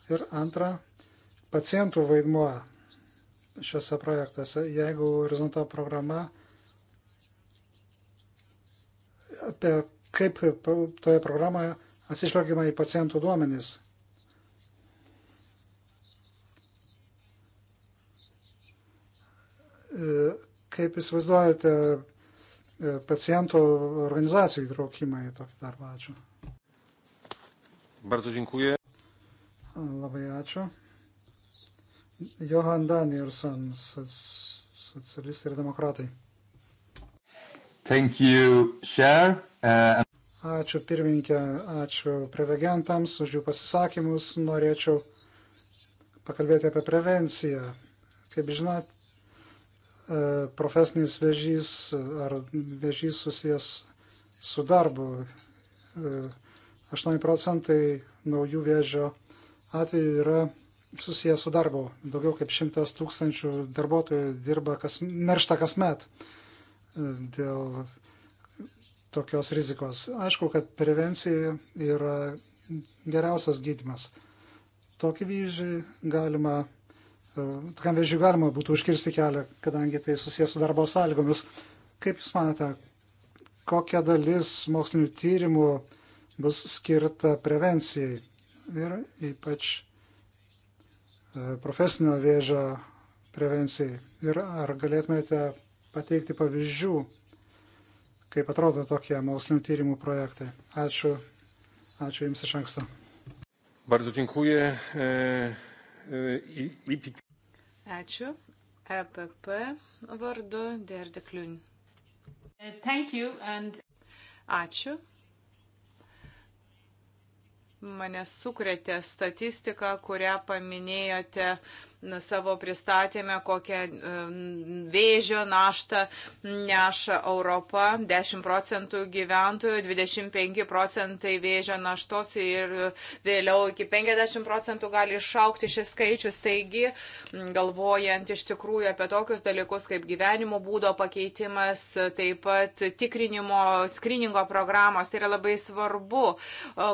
Ir antra, pacientų vaidmuo šiuose projektuose. Jeigu horizonto programa apie kaip toje programoje atsižvelgiama į pacientų duomenys. Kaip įsivaizduojate pacientų organizacijų įtraukimą į tokį darbą? Ačiū. Bardzo dziękuję. Labai ačiū. Johan Danielson, socialistai ir demokratai. Thank you, Chair. Uh, ačiū pirmininkė, ačiū prelegentams už jų pasisakymus. Norėčiau pakalbėti apie prevenciją. Kaip žinot, e, profesinis vėžys e, ar vėžys susijęs su darbu. 8 e, procentai naujų vėžio atvejų yra susijęs su darbu. Daugiau kaip šimtas tūkstančių darbuotojų dirba, kas, miršta kasmet e, dėl tokios rizikos. Aišku, kad prevencija yra geriausias gydimas. Tokį vyžį galima, e, tokiam vėžiui galima būtų užkirsti kelią, kadangi tai susijęs su darbo sąlygomis. Kaip Jūs manate, kokia dalis mokslinių tyrimų bus skirta prevencijai? ir ypač e, profesinio vėžio prevencijai. Ir ar galėtumėte pateikti pavyzdžių, kaip atrodo tokie mokslinio tyrimų projektai? Ačiū. Ačiū Jums iš anksto. Bardzo dziękuję. E, e, Ačiū. EPP vardu Derdekliun. And... Ačiū mane sukretė statistika, kurią paminėjote savo pristatėme, kokią e, vėžio naštą neša Europa. 10 procentų gyventojų, 25 procentai vėžio naštos ir vėliau iki 50 procentų gali išaukti šis skaičius. Taigi, galvojant iš tikrųjų apie tokius dalykus kaip gyvenimo būdo pakeitimas, taip pat tikrinimo, skriningo programos, tai yra labai svarbu,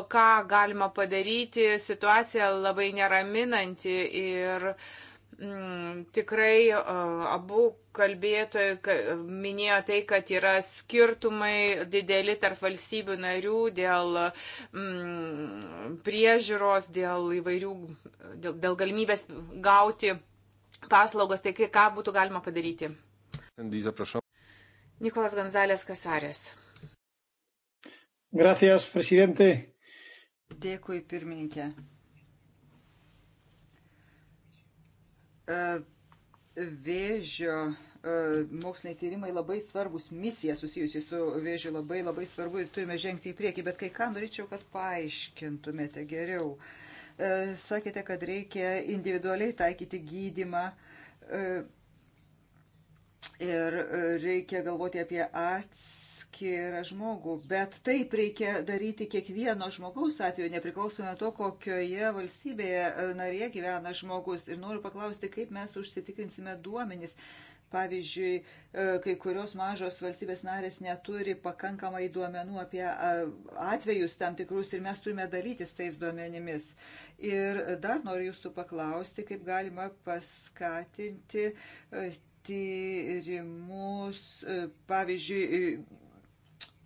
ką galima padaryti. Situacija labai neraminanti ir uh, Mm, tikrai e, abu kalbėtojai minėjo tai, kad yra skirtumai dideli tarp valstybių narių dėl mm, priežiūros, dėl įvairių, dėl, dėl galimybės gauti paslaugas, tai ką būtų galima padaryti. Nikolas Gonzalės Kasarės. Gracias, prezidente. Dėkui, pirmininkė. E, vėžio e, moksliniai tyrimai labai svarbus, misija susijusi su vėžiu labai labai svarbu ir turime žengti į priekį, bet kai ką norėčiau, kad paaiškintumėte geriau. E, sakėte, kad reikia individualiai taikyti gydimą ir reikia galvoti apie atsį atskirą žmogų, bet taip reikia daryti kiekvieno žmogaus atveju, nepriklausomai to, kokioje valstybėje e, narėje gyvena žmogus. Ir noriu paklausti, kaip mes užsitikrinsime duomenis. Pavyzdžiui, e, kai kurios mažos valstybės narės neturi pakankamai duomenų apie e, atvejus tam tikrus ir mes turime dalytis tais duomenimis. Ir dar noriu jūsų paklausti, kaip galima paskatinti tyrimus, pavyzdžiui,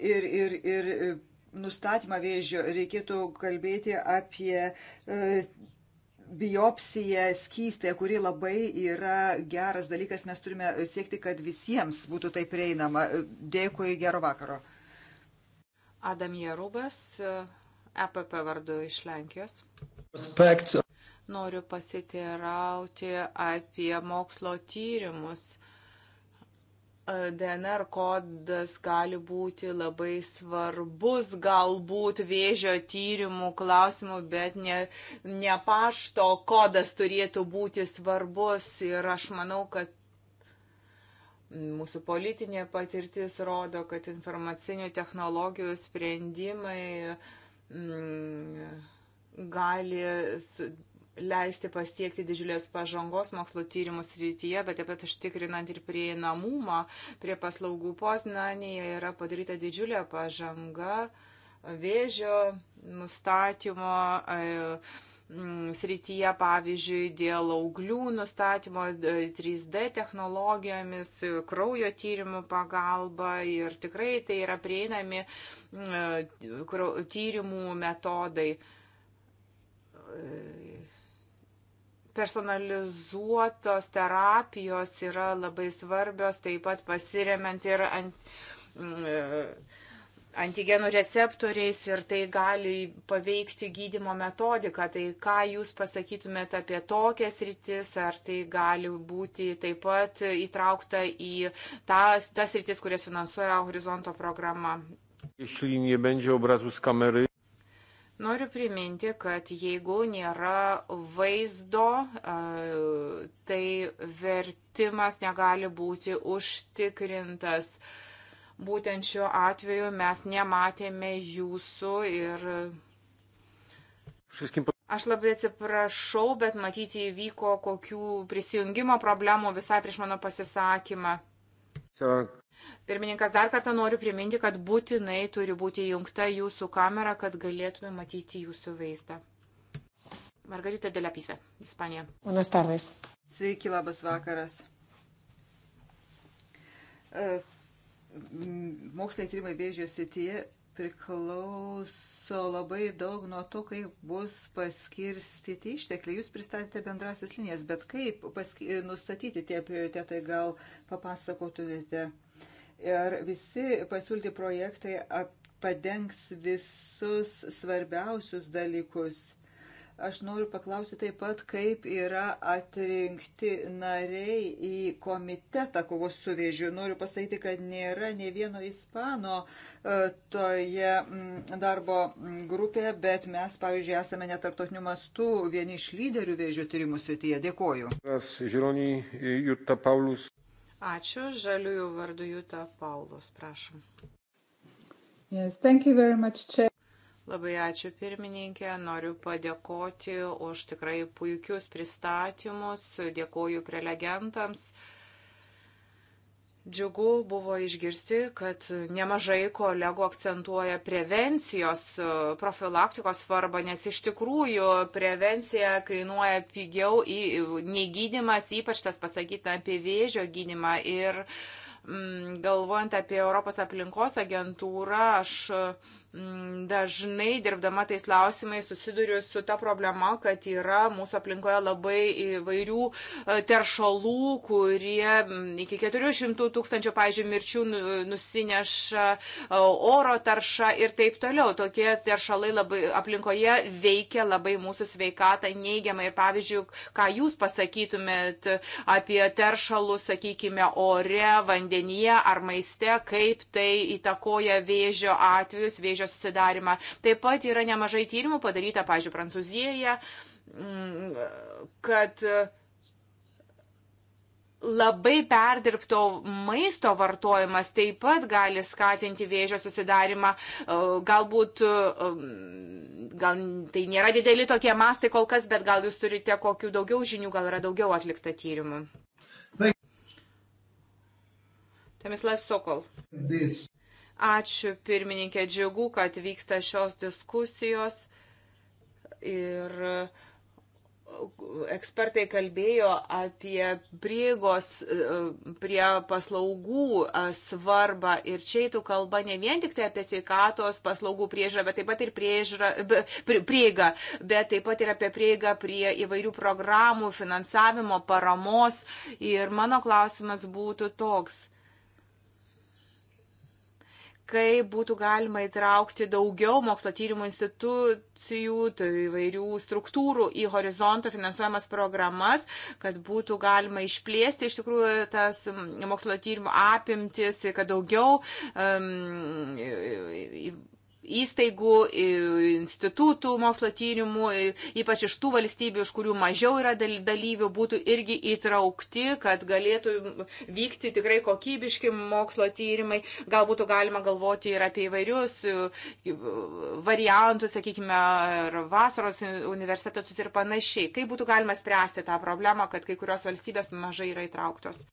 ir, ir, ir nustatymą vėžio reikėtų kalbėti apie e, biopsiją skystę, kuri labai yra geras dalykas. Mes turime siekti, kad visiems būtų tai prieinama. Dėkui, gero vakaro. Adam Jarubas, EPP vardu iš Lenkijos. Aspekt. Noriu pasiteirauti apie mokslo tyrimus DNR kodas gali būti labai svarbus, galbūt vėžio tyrimų klausimų, bet ne, ne pašto kodas turėtų būti svarbus ir aš manau, kad mūsų politinė patirtis rodo, kad informacinių technologijų sprendimai mm, gali su, leisti pasiekti didžiulės pažangos mokslo tyrimų srityje, bet taip pat užtikrinant ir prieinamumą prie paslaugų Poznanėje yra padaryta didžiulė pažanga vėžio nustatymo e, srityje, pavyzdžiui, dėl auglių nustatymo 3D technologijomis, kraujo tyrimų pagalba ir tikrai tai yra prieinami e, tyrimų metodai e, personalizuotos terapijos yra labai svarbios, taip pat pasiremiant ir ant, mm, antigenų receptoriais ir tai gali paveikti gydimo metodiką. Tai ką jūs pasakytumėte apie tokias rytis, ar tai gali būti taip pat įtraukta į tas, tas rytis, kurias finansuoja Horizonto programa? Jeśli nie będzie obrazu z kamery. Noriu priminti, kad jeigu nėra vaizdo, tai vertimas negali būti užtikrintas. Būtent šiuo atveju mes nematėme jūsų ir. Aš labai atsiprašau, bet matyti įvyko kokių prisijungimo problemų visai prieš mano pasisakymą. Pirmininkas dar kartą noriu priminti, kad būtinai turi būti įjungta jūsų kamera, kad galėtume matyti jūsų vaizdą. Margarita Delapisa, Ispanija. Buenas tardes. Sveiki, labas vakaras. E, moksliniai tyrimai vėžio sityje priklauso labai daug nuo to, kaip bus paskirstyti ištekliai. Jūs pristatėte bendrasis linijas, bet kaip nustatyti tie prioritetai, gal papasakotumėte? ir visi pasiūlyti projektai padengs visus svarbiausius dalykus. Aš noriu paklausyti taip pat, kaip yra atrinkti nariai į komitetą kovos su vėžiu. Noriu pasakyti, kad nėra ne vieno ispano e, toje mm, darbo mm, grupėje, bet mes, pavyzdžiui, esame netarptautiniu mastu vieni iš lyderių vėžio tyrimų srityje. Dėkoju. Žironį, Jutta Paulus. Ačiū. Žaliųjų vardu Jūta Paulos, prašom. Yes, thank you very much, Chair. Labai ačiū pirmininkė, noriu padėkoti už tikrai puikius pristatymus, dėkoju prelegentams. Džiugu buvo išgirsti, kad nemažai kolegų akcentuoja prevencijos e, profilaktikos svarbą, nes iš tikrųjų prevencija kainuoja pigiau nei gydimas, ypač tas pasakyta apie vėžio gydimą. Ir mm, galvojant apie Europos aplinkos agentūrą, aš Mm, dažnai dirbdama tais klausimais susiduriu su ta problema, kad yra mūsų aplinkoje labai įvairių e, teršalų, kurie mm, iki 400 tūkstančių, pažiūrėjau, mirčių nu, nusineša e, oro tarša ir taip toliau. Tokie teršalai labai, aplinkoje veikia labai mūsų sveikatą neigiamai. Ir pavyzdžiui, ką jūs pasakytumėt apie teršalus, sakykime, ore, vandenyje ar maiste, kaip tai įtakoja vėžio atvejus, vėžio įspūdžio susidarimą. Taip pat yra nemažai tyrimų padaryta, pažiūrėjau, Prancūzijoje, mm, kad e, labai perdirbto maisto vartojimas taip pat gali skatinti vėžio susidarimą. E, galbūt, e, gal tai nėra dideli tokie mastai kol kas, bet gal jūs turite kokių daugiau žinių, gal yra daugiau atlikta tyrimų. Tamislav Sokol. This. Ačiū pirmininkė džiugu, kad vyksta šios diskusijos ir uh, ekspertai kalbėjo apie priegos uh, prie paslaugų uh, svarbą ir čia eitų kalba ne vien tik tai apie sveikatos paslaugų priežiūrą, bet taip pat ir priežiūrą, prieigą, bet taip pat ir apie prieigą prie įvairių programų, finansavimo, paramos. Ir mano klausimas būtų toks kaip būtų galima įtraukti daugiau mokslo tyrimų institucijų, tai įvairių struktūrų į horizonto finansuojamas programas, kad būtų galima išplėsti iš tikrųjų tas mokslo tyrimų apimtis, kad daugiau um, įstaigų, institutų mokslo tyrimų, ypač iš tų valstybių, iš kurių mažiau yra dalyvių, būtų irgi įtraukti, kad galėtų vykti tikrai kokybiški mokslo tyrimai. Gal būtų galima galvoti ir apie įvairius variantus, sakykime, ar vasaros universitetus ir panašiai. Kaip būtų galima spręsti tą problemą, kad kai kurios valstybės mažai yra įtrauktos?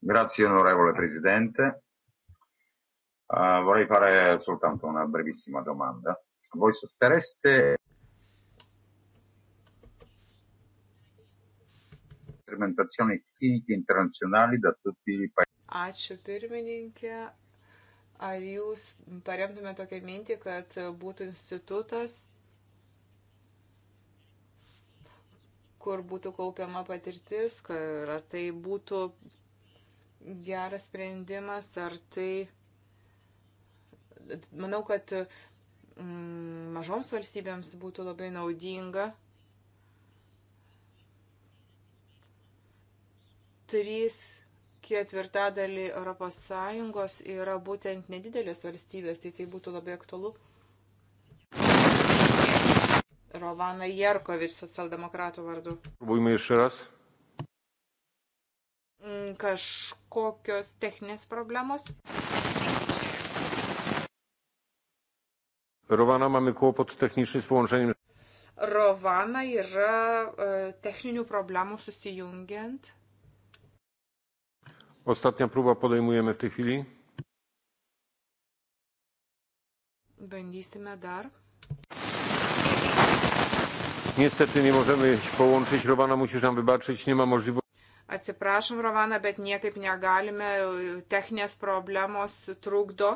Grazie onorevole Presidente. Uh, vorrei fare soltanto una brevissima domanda. Voi sostereste fermentazioni chimiche internazionali da tutti i paesi? Ačiū pirmininkė. Ar jūs paremtume tokią mintį, kad būtų institutas, kur būtų kaupiama patirtis, ar tai būtų geras sprendimas, ar tai. Manau, kad mm, mažoms valstybėms būtų labai naudinga. Trys ketvirtadalį ES yra būtent nedidelės valstybės, tai tai būtų labai aktualu. Rovana Jerkovič, socialdemokratų vardu. Buvimai išras. Mm, kažkokios techninės problemos. Rovana mamy kłopot techniczny z połączeniem. Rovana yra e, techninių problemų susijungiant. Ostatnia próba podejmujemy w tej chwili. Bandysime dar. Niestety nie możemy połączyć. Rowana musisz nam wybaczyć. Nie ma możliwości. Atsiprašom, Rovana, bet niekaip negalime, techninės problemos trukdo,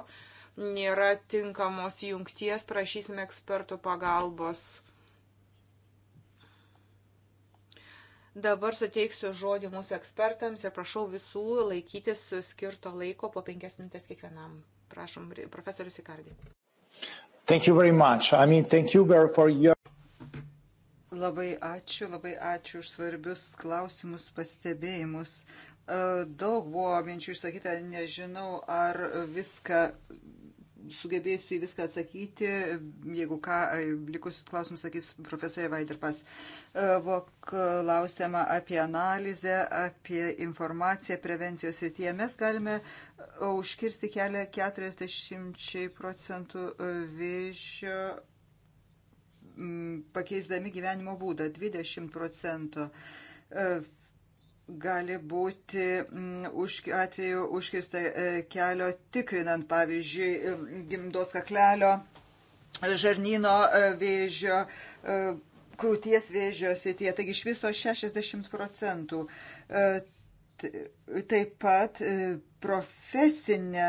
nėra tinkamos jungties, prašysime ekspertų pagalbos. Dabar suteiksiu žodį mūsų ekspertams ir prašau visų laikytis skirto laiko po penkias minutės kiekvienam. Prašom, profesorius Ikardį. Thank you very much. I mean, thank you very for your Labai ačiū, labai ačiū už svarbius klausimus, pastebėjimus. E, daug buvo minčių išsakyta, nežinau, ar viską sugebėsiu į viską atsakyti, jeigu ką, e, likusius klausimus sakys profesorė Vaidirpas. E, buvo klausiama apie analizę, apie informaciją prevencijos rytyje. Mes galime užkirsti kelią 40 procentų vėžio pakeisdami gyvenimo būdą 20 procentų e, gali būti už atveju užkirsta e, kelio tikrinant, pavyzdžiui, e, gimdos kaklelio, žarnyno vėžio, krūties vėžio srityje. Taigi iš viso 60 procentų. Taip pat profesinė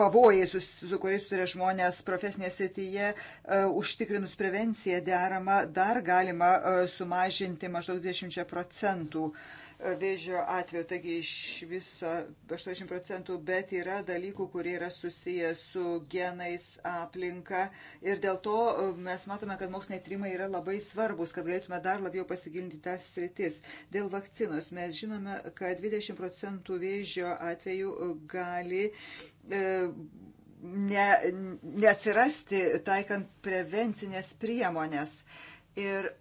pavojai, su, su kuriais turi žmonės profesinėje srityje, e, užtikrinus prevenciją deramą, dar galima e, sumažinti maždaug 20 procentų uh, vėžio atveju, taigi iš viso 80 procentų, bet yra dalykų, kurie yra susiję su genais, aplinka ir dėl to e, mes matome, kad moksliniai tyrimai yra labai svarbus, kad galėtume dar labiau pasigilinti tas sritis. Dėl vakcinos mes žinome, kad 20 procentų vėžio atveju e, gali e, ne, neatsirasti taikant prevencinės priemonės. Ir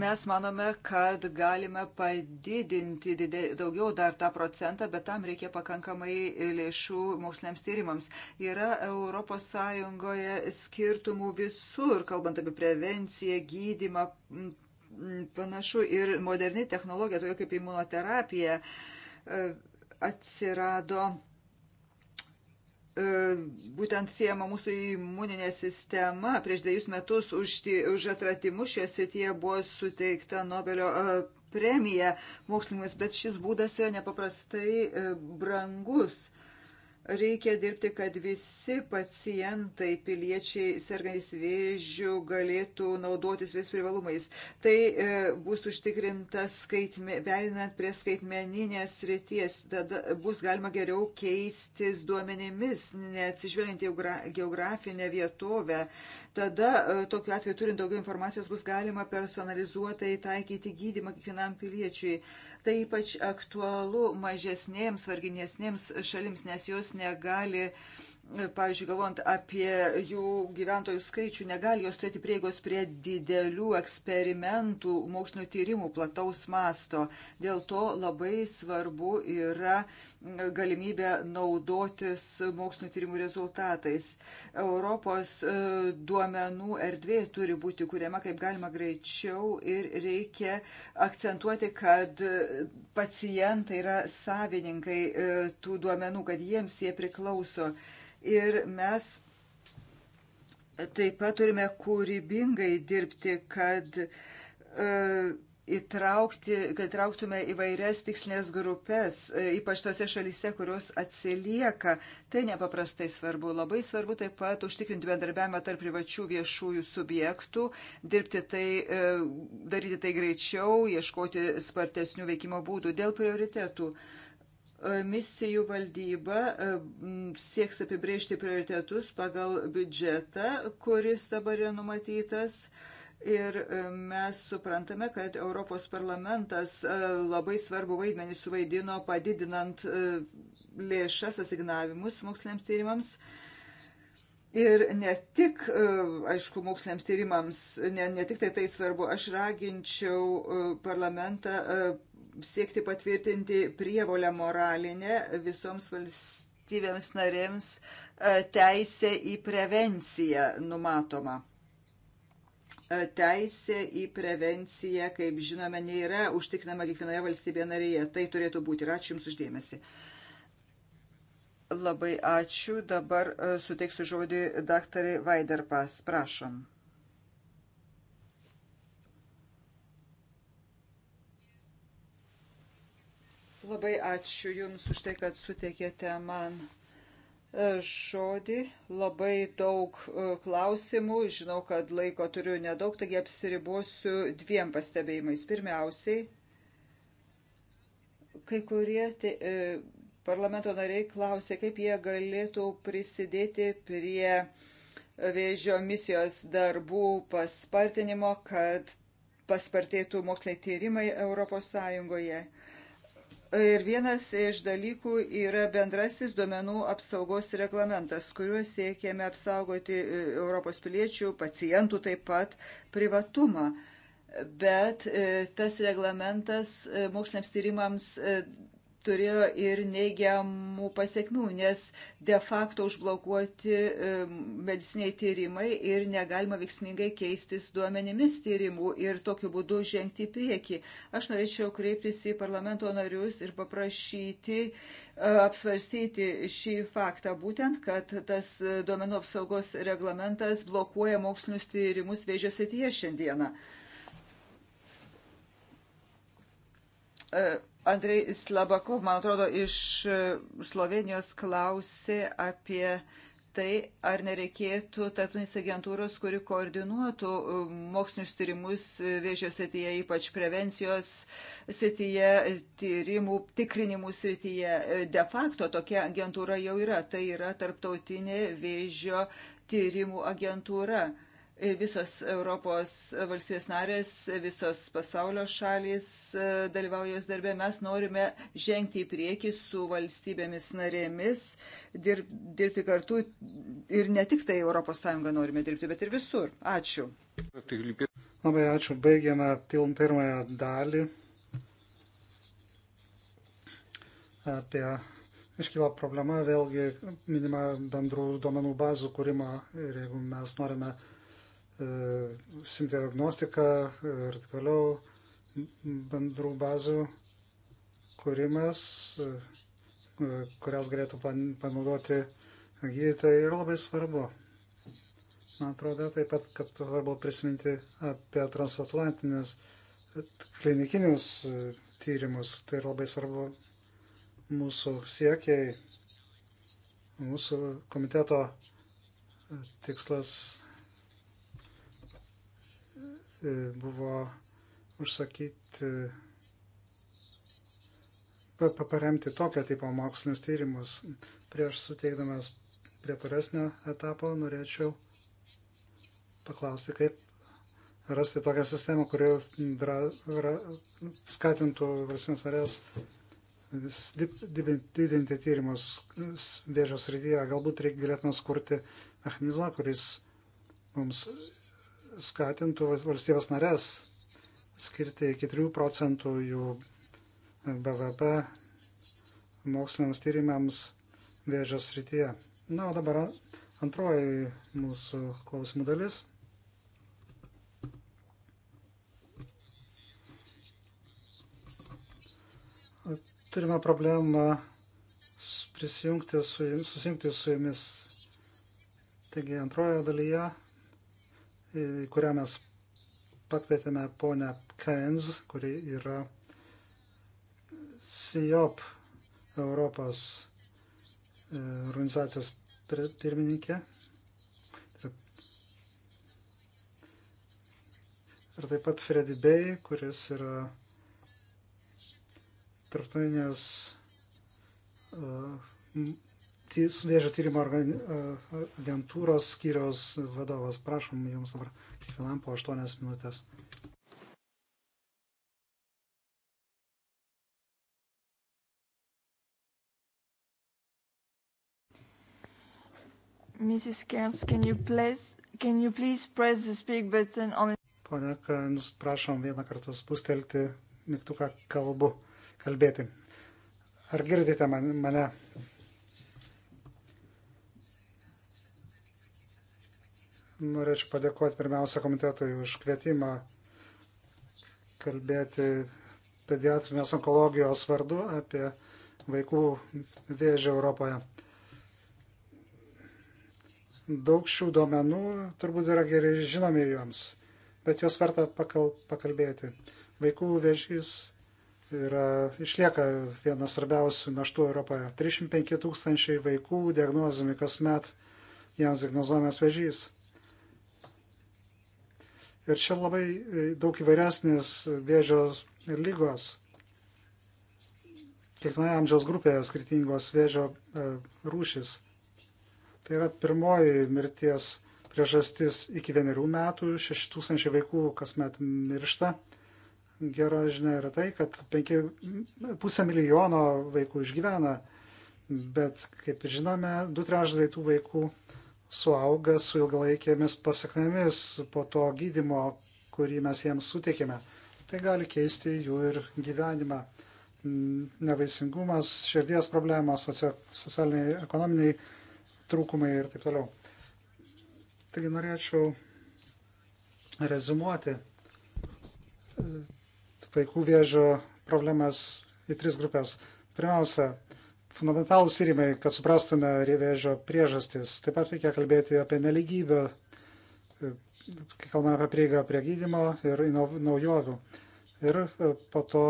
Mes manome, kad galime padidinti didė, daugiau dar tą procentą, bet tam reikia pakankamai lėšų moksliniams tyrimams. Yra ES skirtumų visur, kalbant apie prevenciją, gydimą, panašu ir moderni technologija, tokia kaip imunoterapija, e, atsirado E, būtent siema mūsų imuninė sistema. Prieš dviejus metus už, už atradimus šioje srityje buvo suteikta Nobelio e, premija mokslininkams, bet šis būdas yra nepaprastai e, brangus. Reikia dirbti, kad visi pacientai, piliečiai, sergantys vėžių galėtų naudotis vis privalumais. Tai e, bus užtikrinta skaitme, perinant prie skaitmeninės ryties. Tada bus galima geriau keistis duomenimis, neatsižvelgiant į geografinę vietovę. Tada e, tokiu atveju turint daugiau informacijos bus galima personalizuotai taikyti gydimą kiekvienam piliečiui. E, Tai ypač aktualu mažesnėms, varginesnėms šalims, nes jos negali uh, pavyzdžiui, galvojant apie jų gyventojų skaičių, negali jos turėti prieigos prie didelių eksperimentų, mokslinio tyrimų, plataus masto. Dėl to labai svarbu yra galimybė naudotis mokslinio tyrimų rezultatais. Europos e, duomenų erdvė turi būti kuriama kaip galima greičiau ir reikia akcentuoti, kad pacientai yra savininkai e, tų duomenų, kad jiems jie priklauso. Uh, ir mes taip pat turime kūrybingai dirbti, kad e, įtraukti, kad trauktume įvairias tikslinės grupės, e, ypač tose šalyse, kurios atsilieka. Tai nepaprastai svarbu. Labai svarbu taip pat užtikrinti bendarbiavimą tarp privačių viešųjų subjektų, dirbti tai, e, daryti tai greičiau, ieškoti spartesnių veikimo būdų dėl prioritetų. Uh, misijų valdyba e, sieks apibrėžti prioritetus pagal biudžetą, kuris dabar yra numatytas. Ir e, mes suprantame, kad Europos parlamentas e, labai svarbu vaidmenį suvaidino padidinant lėšas asignavimus moksliniams tyrimams. Ir ne tik, aišku, moksliniams tyrimams, ne, ne tik tai tai svarbu, aš raginčiau parlamentą siekti patvirtinti prievolę moralinę visoms valstybėms narėms e, teisę į prevenciją numatoma e, teisė į prevenciją, kaip žinome, nėra užtikrinama kiekvienoje valstybėje narėje. Tai turėtų būti. Ir ačiū Jums uždėmesi. Labai ačiū. Dabar e, suteiksiu žodį daktarį Vaiderpas. Prašom. Labai ačiū Jums už tai, kad suteikėte man e, žodį. Labai daug e, klausimų. Žinau, kad laiko turiu nedaug, taigi apsiribuosiu dviem pastebėjimais. Pirmiausiai, kai kurie te, e, parlamento nariai klausė, kaip jie galėtų prisidėti prie vėžio misijos darbų paspartinimo, kad paspartėtų moksliniai tyrimai Europos Sąjungoje. Ir vienas iš dalykų yra bendrasis duomenų apsaugos reglamentas, kuriuo siekiame apsaugoti e, Europos piliečių, pacientų taip pat privatumą. Bet e, tas reglamentas e, moksliniams tyrimams turėjo ir neigiamų pasiekmių, nes de facto užblokuoti mediciniai tyrimai ir negalima veiksmingai keistis duomenimis tyrimų ir tokiu būdu žengti į priekį. Aš norėčiau kreiptis į parlamento narius ir paprašyti e, apsvarstyti šį faktą, būtent, kad tas duomenų apsaugos reglamentas blokuoja mokslinius tyrimus vėžio srityje šiandieną. Uh Andrei Slabakov, man atrodo, iš e, Slovenijos klausė apie tai, ar nereikėtų tarptautinės agentūros, kuri koordinuotų e, mokslinius tyrimus e, vėžio srityje, ypač prevencijos srityje, tyrimų, tikrinimų srityje. De facto tokia agentūra jau yra. Tai yra tarptautinė vėžio tyrimų agentūra. Visos Europos valstybės narės, visos pasaulio šalys e, dalyvauja jos darbė. Mes norime žengti į priekį su valstybėmis narėmis, dirb, dirbti kartu ir ne tik tai ES norime dirbti, bet ir visur. Ačiū. Labai ačiū. Baigiame pirmąją dalį apie iškyla problema vėlgi minima bendrų duomenų bazų kūrimo ir jeigu mes norime E, simti diagnostiką ir taip toliau, bendrų bazų kūrimas, e, kurias galėtų panaudoti gydytojai ir labai svarbu. Man atrodo taip pat, kad svarbu prisiminti apie transatlantinius klinikinius e, tyrimus. Tai yra labai svarbu mūsų siekiai, mūsų komiteto tikslas E, buvo užsakyti paremti tokio tipo mokslinius tyrimus. Prieš suteikdamas prie tolesnio etapo norėčiau paklausti, kaip rasti tokią sistemą, kuri dra, ra, skatintų valstybės narės didinti tyrimus vėžio srityje. Galbūt reik, galėtume skurti mechanizmą, kuris mums skatintų valstybės narės skirti iki 3 procentų jų BVP moksliniams tyrimams vėžio srityje. Na, o dabar antroji mūsų klausimų dalis. Turime problemą prisijungti su, susijungti su jumis. Taigi antrojo dalyje kurią mes pakvietėme ponę Keynes, kuri yra SIOP Europos e, organizacijos pirmininkė. Tai ir taip pat Freddy Bay, kuris yra tarptautinės uh, vėžio tyrimo agentūros skyriaus vadovas. Prašom jums dabar kiekvienam po 8 minutės. Mrs. Cairns, can you please, can you please press the speak button on... Pone Cairns, prašom vieną kartą spustelti mygtuką kalbu, kalbėti. Ar girdite man, mane? Norėčiau padėkoti pirmiausia komitetui už kvietimą kalbėti pediatrinės onkologijos vardu apie vaikų vėžį Europoje. Daug šių duomenų turbūt yra gerai žinomi joms, bet juos verta pakal, pakalbėti. Vaikų vėžys yra, išlieka vienas svarbiausių naštų Europoje. 305 tūkstančiai vaikų diagnozuojami kasmet, jiems diagnozuojamas vėžys Ir čia labai e, daug įvairesnės vėžio lygos. Kiekvienoje amžiaus grupėje skirtingos vėžio e, rūšis. Tai yra pirmoji mirties priežastis iki vienerių metų. 6000 vaikų kasmet miršta. Gera žinia yra tai, kad penki, pusę milijono vaikų išgyvena, bet kaip ir žinome, du trešdaliai tų vaikų suauga su ilgalaikėmis pasakmėmis po to gydimo, kurį mes jiems suteikėme. Tai gali keisti jų ir gyvenimą. Nevaisingumas, širdies problemos, socialiniai, ekonominiai trūkumai ir taip toliau. Taigi norėčiau rezumuoti e, vaikų vėžio problemas į tris grupės. Pirmiausia, fundamentalūs tyrimai, kad suprastume vėžio priežastis. Taip pat reikia kalbėti apie neligybę, kai kalbame apie prieigą prie gydymo ir naujovių. Ir e, po to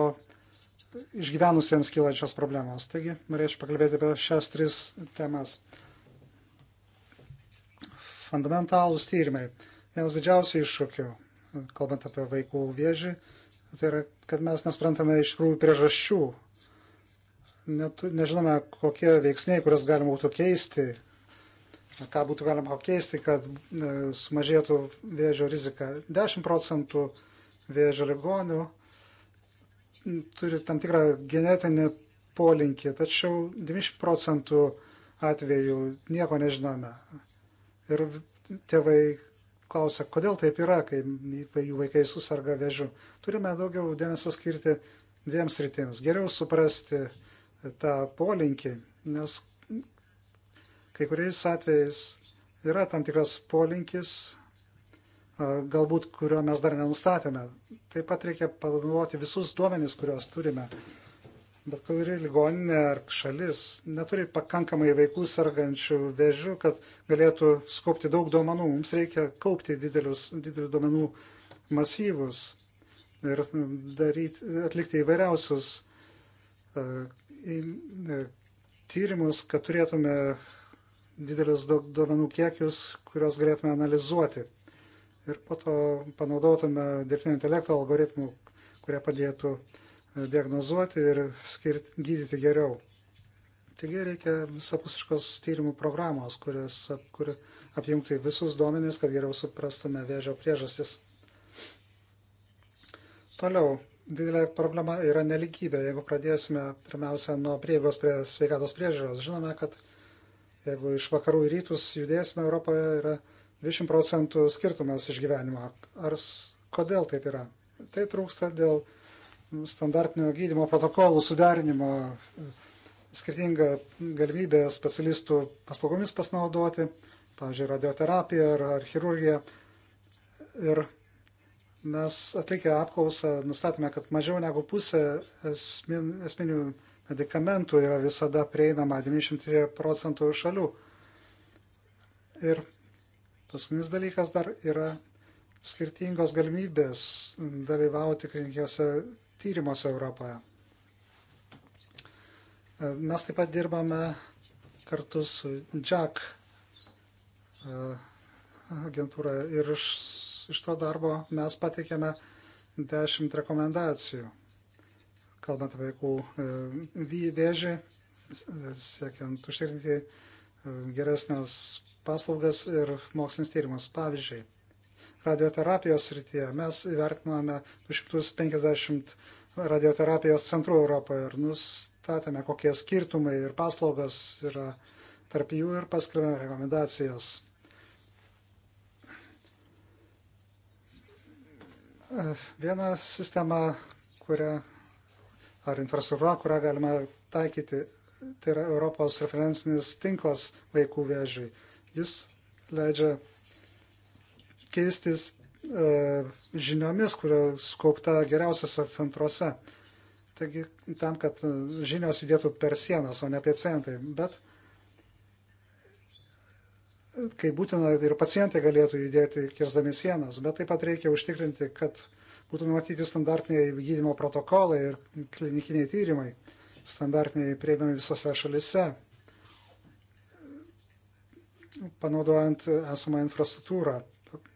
išgyvenusiems kylančios problemos. Taigi norėčiau pakalbėti apie šias tris temas. Fundamentalūs tyrimai. Vienas didžiausių iššūkių, kalbant apie vaikų vėžį, tai yra, kad mes nesprantame iš tikrųjų priežasčių netu, nežinome, kokie veiksniai, kurias galima būtų keisti, ką būtų galima keisti, kad e, sumažėtų vėžio rizika. 10 procentų vėžio ligonių turi tam tikrą genetinį polinkį, tačiau 90 procentų atveju nieko nežinome. Ir tėvai klausia, kodėl taip yra, kai jų vaikai susarga vėžiu. Turime daugiau dėmesio skirti dviems rytims. Geriau suprasti tą polinkį, nes kai kuriais atvejais yra tam tikras polinkis, galbūt kurio mes dar nenustatėme. Taip pat reikia panaudoti visus duomenys, kuriuos turime. Bet kuri ligoninė ar šalis neturi pakankamai vaikų sargančių vėžių, kad galėtų skopti daug duomenų. Mums reikia kaupti didelius, didelių duomenų masyvus ir daryti, atlikti įvairiausius E, tyrimus, kad turėtume didelius duomenų kiekius, kuriuos galėtume analizuoti. Ir po to panaudotume dirbtinio intelekto algoritmų, kurie padėtų e, diagnozuoti ir skirti, gydyti geriau. Taigi reikia visapusiškos tyrimų programos, kuris, kur apjungti visus duomenys, kad geriau suprastume vėžio priežastis. Toliau, Didelė problema yra nelikybė. Jeigu pradėsime pirmiausia nuo prieigos prie sveikatos priežiūros, žinome, kad jeigu iš vakarų į rytus judėsime Europoje, yra 20 procentų skirtumas išgyvenimo. Ar kodėl taip yra? Tai trūksta dėl standartinio gydymo protokolų sudarinimo, skirtinga galimybė specialistų paslaugomis pasinaudoti, pavyzdžiui, radioterapija ar, ar chirurgija. Ir Mes atlikę apklausą nustatėme, kad mažiau negu pusė esmin, esminių medikamentų yra visada prieinama 90 procentų šalių. Ir paskutinis dalykas dar yra skirtingos galimybės dalyvauti klinikiuose tyrimuose Europoje. Mes taip pat dirbame kartu su JAK e, agentūra ir iš to darbo mes pateikėme 10 rekomendacijų, kalbant apie vaikų e, vėžį, e, siekiant užtikrinti e, geresnės paslaugas ir mokslinis tyrimus. Pavyzdžiui, radioterapijos srityje mes įvertinome 250 radioterapijos centrų Europoje ir nustatėme, kokie skirtumai ir paslaugas yra tarp jų ir paskelbėme rekomendacijas Viena sistema, kurią ar infrastruktūra, kurią galima taikyti, tai yra Europos referencinis tinklas vaikų vėžiui. Jis leidžia keistis e, žiniomis, kurios kaupta geriausiose centruose. Taigi tam, kad žinios įdėtų per sienas, o ne apie centai. Bet e, kai būtina ir pacientai galėtų judėti kirsdami sienas, bet taip pat reikia užtikrinti, kad būtų numatyti standartiniai gydymo protokolai ir klinikiniai tyrimai, standartiniai prieinami visose šalise, panaudojant esamą infrastruktūrą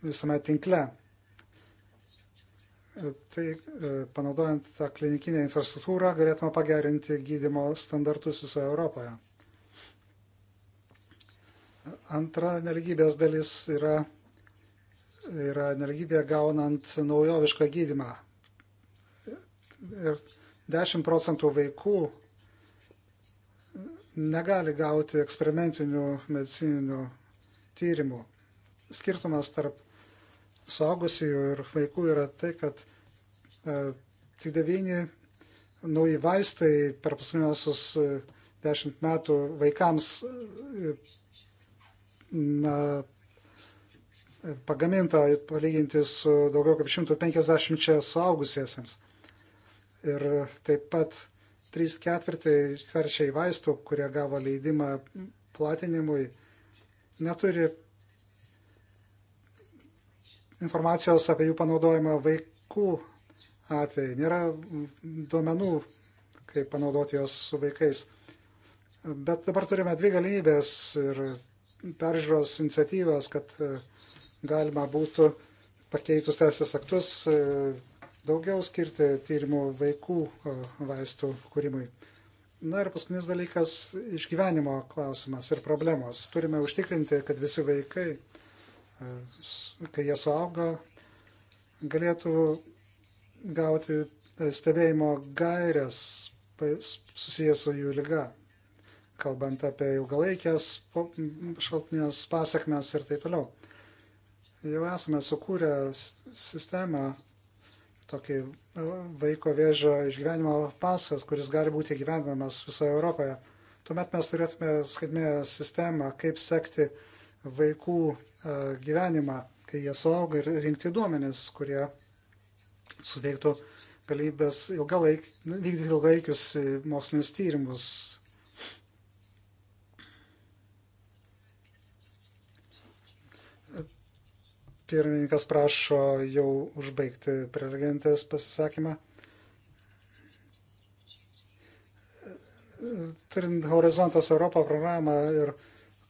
visame tinkle. Tai e, panaudojant tą klinikinę infrastruktūrą galėtume pagerinti gydymo standartus visoje Europoje. Antra neligybės dalis yra, yra neligybė gaunant naujovišką gydimą. Ir 10 procentų vaikų negali gauti eksperimentinių medicininių tyrimų. Skirtumas tarp saugusiųjų ir vaikų yra tai, kad e, tik devyni nauji vaistai per paskutiniosius e, dešimt metų vaikams e, na, pagaminta palyginti su daugiau kaip 150 čia suaugusiesiems. Ir taip pat trys ketvirčiai vaistų, kurie gavo leidimą platinimui, neturi informacijos apie jų panaudojimą vaikų atveju. Nėra duomenų, kaip panaudoti juos su vaikais. Bet dabar turime dvi galimybės ir peržiūros iniciatyvas, kad e, galima būtų pakeitus teisės aktus e, daugiau skirti tyrimų vaikų e, vaistų kūrimui. Na ir paskutinis dalykas - išgyvenimo klausimas ir problemos. Turime užtikrinti, kad visi vaikai, kai jie suauga, galėtų gauti stebėjimo gairias susijęs su jų lyga kalbant apie ilgalaikės šaltinės pasakmes ir taip toliau. Jau esame sukūrę sistemą, tokį e, vaiko vėžio išgyvenimo pasas, kuris gali būti gyvenamas visoje Europoje. Tuomet mes turėtume skaitmėje sistemą, kaip sekti vaikų e, gyvenimą, kai jie suauga ir rinkti duomenis, kurie suteiktų galimybės ilgalaik, vykdyti ilgalaikius e, mokslinius tyrimus Pirmininkas prašo jau užbaigti prelegentės pasisakymą. Turint Horizontas Europą programą ir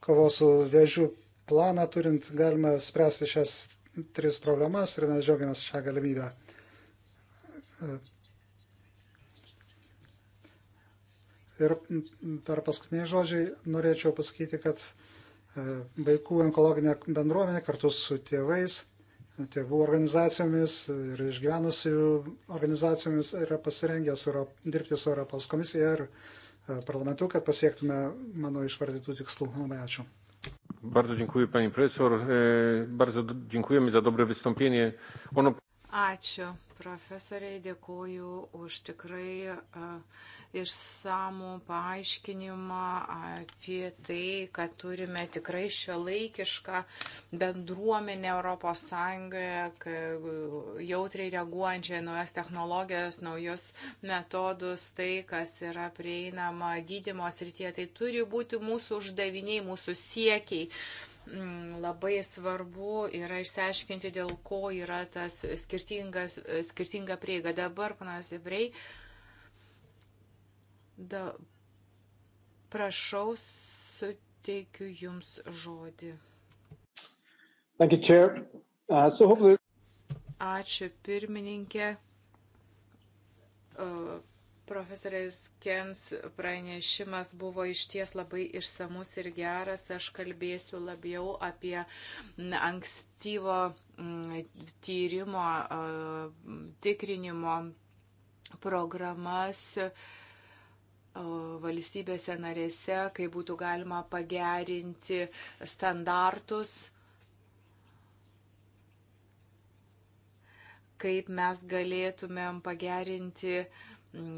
kovos su vėžių planą, turint galime spręsti šias tris problemas ir mes džiaugiamės šią galimybę. Ir per paskutiniai žodžiai norėčiau pasakyti, kad E, vaikų onkologinė bendruomenė kartu su tėvais, tėvų organizacijomis ir išgyvenusių organizacijomis yra pasirengę su Europ, dirbti su Europos komisija ir e, parlamentu, kad pasiektume mano išvardytų tikslų. Labai ačiū. Bardzo dziękuję pani profesor, e, bardzo dziękujemy za dobre wystąpienie. Ono... Ačiū profesoriai, dėkoju už tikrai uh, išsamų paaiškinimą apie tai, kad turime tikrai šio laikišką bendruomenę Europos Sąjungoje, jautriai reaguojančią į naujas technologijas, naujus metodus, tai, kas yra prieinama gydymos rytie. Tai turi būti mūsų uždaviniai, mūsų siekiai. Uh, Mm, labai svarbu yra išsiaiškinti, dėl ko yra tas skirtinga prieiga. Dabar, panas Ibrei, da, prašau, suteikiu Jums žodį. Thank you, Chair. Uh, so hopefully... Ačiū pirmininkė. Uh, Profesorės Kens pranešimas buvo išties labai išsamus ir geras. Aš kalbėsiu labiau apie ankstyvo tyrimo, tikrinimo programas valstybėse narėse, kai būtų galima pagerinti standartus kaip mes galėtumėm pagerinti uh,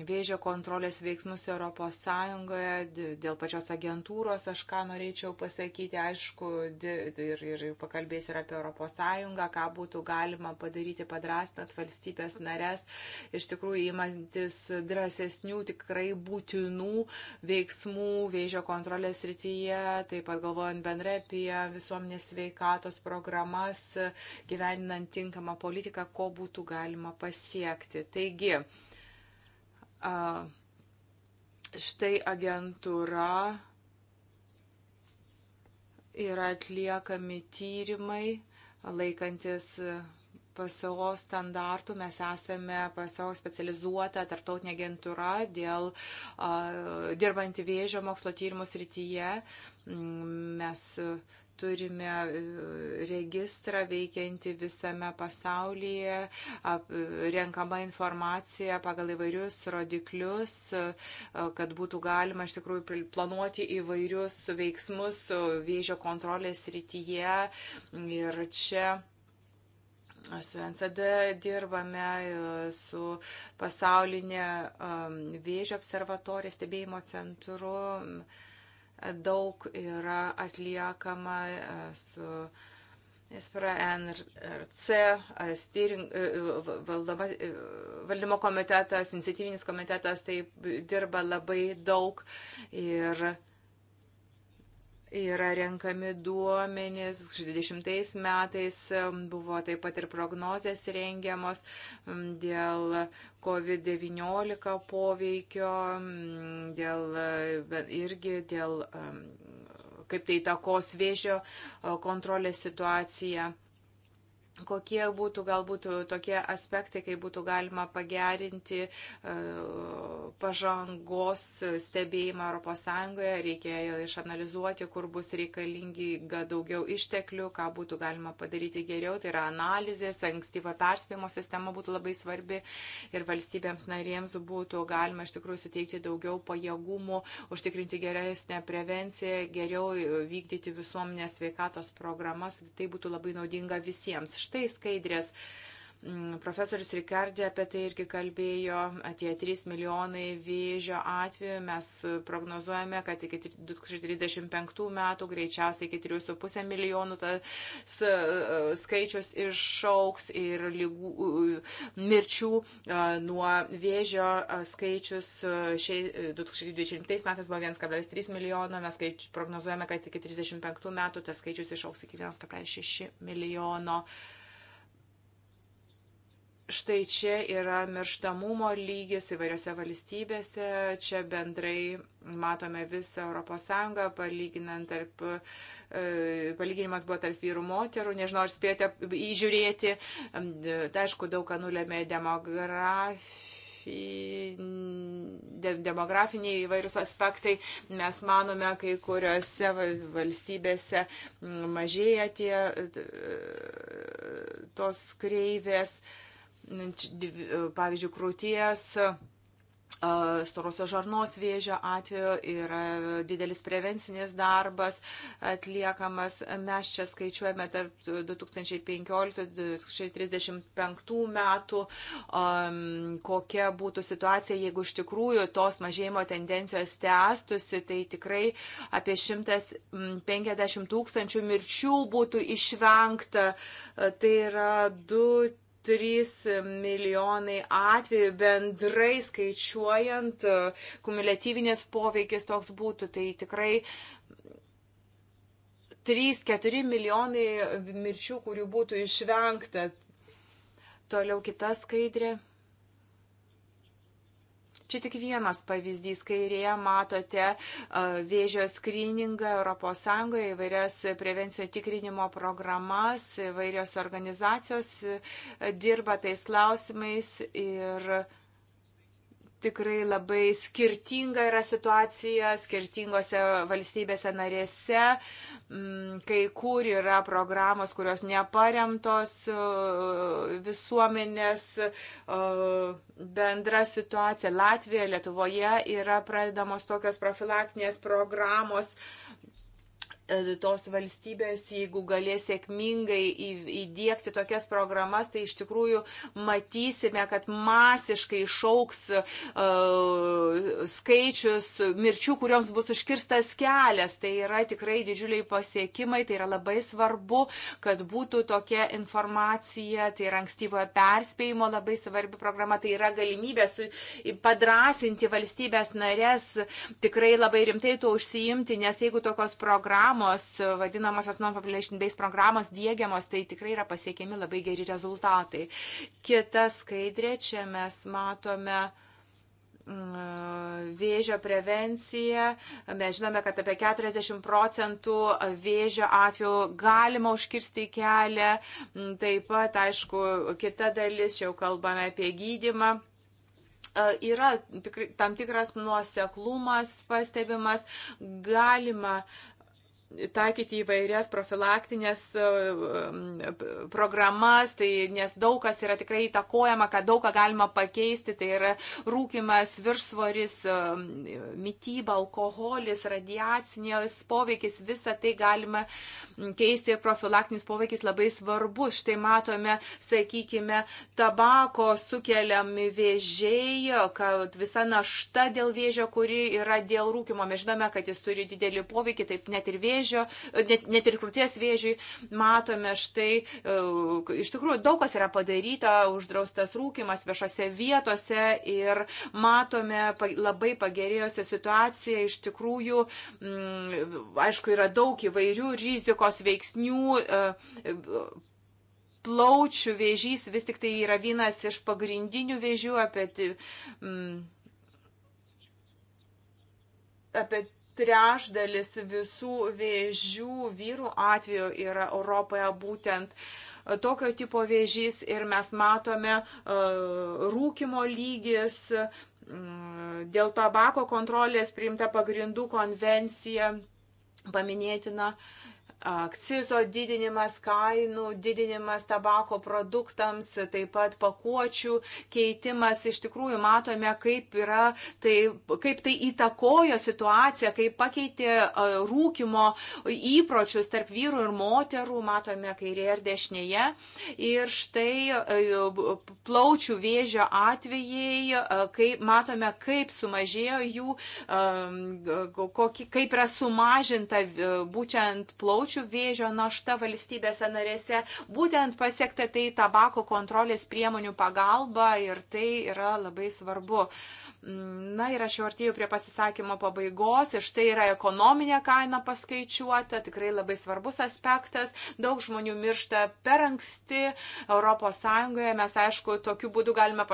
vėžio kontrolės veiksmus Europos Sąjungoje, dėl pačios agentūros aš ką norėčiau pasakyti, aišku, ir, ir pakalbėsiu ir apie Europos Sąjungą, ką būtų galima padaryti padrastant valstybės narės, iš tikrųjų įmantis drąsesnių, tikrai būtinų veiksmų vėžio kontrolės rytyje, taip pat galvojant bendrai apie visuomenės veikatos programas, gyveninant tinkamą politiką, ko būtų galima pasiekti. Taigi, štai agentūra yra atliekami tyrimai, laikantis PSO standartų. Mes esame PSO specializuota tarptautinė agentūra dėl a, dirbanti vėžio mokslo tyrimų srityje. Mes turime e, registrą veikianti visame pasaulyje, renkama informacija pagal įvairius rodiklius, e, kad būtų galima iš tikrųjų planuoti įvairius veiksmus vėžio kontrolės rytyje. Ir čia su NCD dirbame, e, su pasaulinė vėžio observatorija stebėjimo centru daug yra atliekama e, su SPRN ir C, e, styring, e, valdoma, valdymo komitetas, iniciatyvinis komitetas taip dirba labai daug ir Yra renkami duomenys, 60 metais buvo taip pat ir prognozės rengiamos dėl COVID-19 poveikio, dėl, e, irgi dėl, kaip tai takos vėžio e, kontrolės situaciją kokie būtų galbūt tokie aspektai, kaip būtų galima pagerinti e, pažangos stebėjimą ES, reikėjo išanalizuoti, kur bus reikalingi daugiau išteklių, ką būtų galima padaryti geriau, tai yra analizės, ankstyva perspėjimo sistema būtų labai svarbi ir valstybėms narėms būtų galima iš tikrųjų suteikti daugiau pajėgumų, užtikrinti geresnę prevenciją, geriau vykdyti visuomenės sveikatos programas, tai būtų labai naudinga visiems štai skaidrės. Uh, Mm, profesorius Rikardė apie tai irgi kalbėjo, atėjo 3 milijonai vėžio atveju, mes prognozuojame, kad iki 2035 metų greičiausiai iki 3,5 milijonų tas skaičius išauks ir lygų, mirčių nuo vėžio skaičius šiai 2020 metais buvo 1,3 milijono, mes skaič, prognozuojame, kad iki 35 metų tas skaičius išauks iki 1,6 milijono. Uh, štai čia yra mirštamumo lygis įvairiose valstybėse, čia bendrai matome visą ES, palyginant tarp, e, palyginimas buvo tarp vyrų moterų, nežinau, ar spėjote įžiūrėti, e, tai aišku, daug ką nulėmė demografija demografiniai įvairius aspektai. Mes manome, kai kuriuose valstybėse mažėja tie tos kreivės. Uh, E, pavyzdžiui, krūties e, storosios žarnos vėžio atveju yra didelis prevencinis darbas atliekamas. Mes čia skaičiuojame tarp 2015-2035 metų, kokia būtų situacija, jeigu iš tikrųjų tos mažėjimo tendencijos tęstusi, tai tikrai apie 150 tūkstančių mirčių būtų išvengta. Tai yra 2 3 milijonai atvejų bendrai skaičiuojant, e, kumuliatyvinės poveikis toks būtų, tai tikrai 3-4 milijonai mirčių, kurių būtų išvengta. Toliau kita skaidrė. Čia tik vienas pavyzdys. Kairėje matote vėžio skriningą ES, įvairias prevencijų tikrinimo programas, įvairios organizacijos e, dirba tais klausimais ir Tikrai labai skirtinga yra situacija skirtingose valstybėse narėse. Mm, kai kur yra programos, kurios neparemtos e, visuomenės e, bendra situacija. Latvijoje, Lietuvoje yra pradedamos tokios profilaktinės programos. Uh, E, tos valstybės, jeigu galės sėkmingai įdėkti tokias programas, tai iš tikrųjų matysime, kad masiškai šauks uh, e, skaičius mirčių, kurioms bus užkirstas kelias. Tai yra tikrai didžiuliai pasiekimai, tai yra labai svarbu, kad būtų tokia informacija, tai yra ankstyvojo perspėjimo labai svarbi programa, tai yra galimybė su, padrasinti valstybės narės tikrai labai rimtai tuo užsiimti, nes jeigu tokios programos programos, vadinamosios non-population-based programos dėgiamos, tai tikrai yra pasiekiami labai geri rezultatai. Kita skaidrė, čia mes matome mm, vėžio prevencija. Mes žinome, kad apie 40 procentų vėžio atveju galima užkirsti kelią. Mm, taip pat, aišku, kita dalis, jau kalbame apie gydimą e, yra tikrai tam tikras nuoseklumas pastebimas, galima taikyti įvairias profilaktinės e, e, programas, tai, nes daug kas yra tikrai įtakojama, kad daug ką galima pakeisti, tai yra rūkimas, viršsvoris, e, mytyba, alkoholis, radiacinės poveikis, visą tai galima keisti ir profilaktinis poveikis labai svarbus. Štai matome, sakykime, tabako sukeliami vėžiai, kad visa našta dėl vėžio, kuri yra dėl rūkimo. Mes žinome, kad jis turi didelį poveikį, taip net ir vėžį vėžio, net, net ir krūties vėžiui, matome štai, e, iš tikrųjų daug kas yra padaryta, uždraustas rūkimas viešose vietose ir matome labai pagerėjusią situaciją, iš tikrųjų, mm, aišku, yra daug įvairių rizikos veiksnių e, plaučių vėžys vis tik tai yra vienas iš pagrindinių vėžių, apie, mm, apie trešdalis visų vėžių vyrų atveju yra Europoje būtent e, tokio tipo vėžys ir mes matome e, rūkimo lygis, dėl tabako kontrolės priimta pagrindų konvencija paminėtina akcizo didinimas, kainų didinimas tabako produktams, taip pat pakuočių keitimas. Iš tikrųjų matome, kaip, yra, tai, kaip tai įtakojo situaciją, kaip pakeitė rūkimo įpročius tarp vyrų ir moterų, matome kairėje ir dešinėje. Ir štai plaučių vėžio atvejai, kaip, matome, kaip sumažėjo jų, kaip yra sumažinta būtent plaučių plaučių vėžio našta valstybėse narėse būtent pasiekta tai tabako kontrolės priemonių pagalba ir tai yra labai svarbu. Na ir aš jau artėjau prie pasisakymo pabaigos ir štai yra ekonominė kaina paskaičiuota, tikrai labai svarbus aspektas. Daug žmonių miršta per anksti ES. Mes, aišku, tokiu būdu galime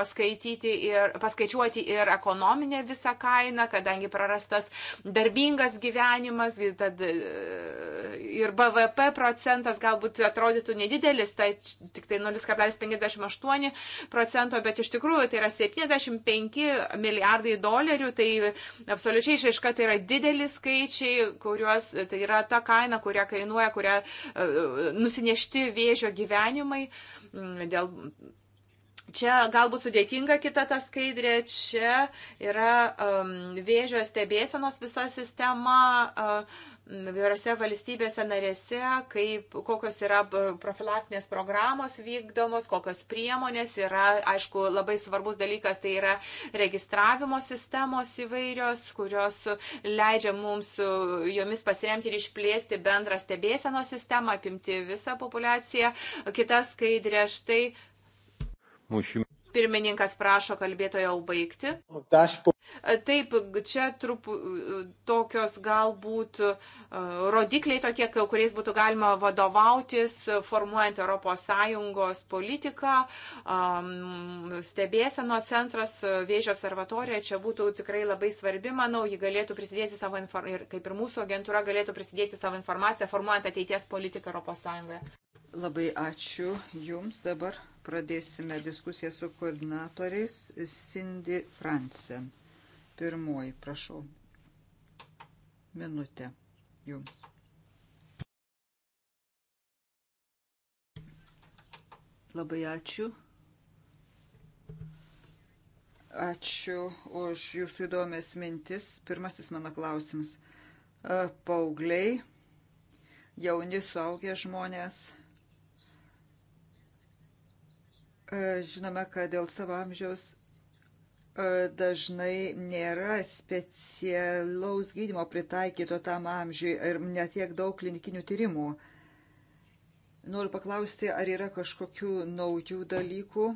ir, paskaičiuoti ir ekonominę visą kainą, kadangi prarastas darbingas gyvenimas tad, e, ir BVP procentas galbūt atrodytų nedidelis, tai tik tai 0,58 procento, bet iš tikrųjų tai yra 75 milijonai milijardai dolerių, tai absoliučiai išaiška, tai yra dideli skaičiai, kuriuos, tai yra ta kaina, kurią kainuoja, kurią e, nusinešti vėžio gyvenimai. Mm, dėl Čia galbūt sudėtinga kita ta skaidrė, čia yra um, vėžio stebėsenos visa sistema, uh, Vyriose valstybėse narėse, kaip, kokios yra profilaktinės programos vykdomos, kokios priemonės yra, aišku, labai svarbus dalykas, tai yra registravimo sistemos įvairios, kurios leidžia mums e, jomis pasiremti ir išplėsti bendrą stebėseno sistemą, apimti visą populaciją. Kitas skaidrė štai. Mušim. Pirmininkas prašo kalbėtojo baigti. Taip, čia trupu, tokios galbūt e, rodikliai tokie, kuriais būtų galima vadovautis, formuojant ES politiką, stebėseno centras, vėžio observatorija, čia būtų tikrai labai svarbi, manau, ji galėtų prisidėti savo informaciją, kaip ir mūsų agentūra galėtų prisidėti savo informaciją, formuojant ateities politiką ES. Labai ačiū Jums dabar pradėsime diskusiją su koordinatoriais Cindy Fransen. Pirmoji, prašau. Minutė jums. Labai ačiū. Ačiū už jūsų įdomias mintis. Pirmasis mano klausimas. E, Paugliai, jauni suaugę žmonės E, žinome, kad dėl savo amžiaus e, dažnai nėra specialaus gydimo pritaikyto tam amžiui ir netiek daug klinikinių tyrimų. Noriu paklausti, ar yra kažkokių naujų dalykų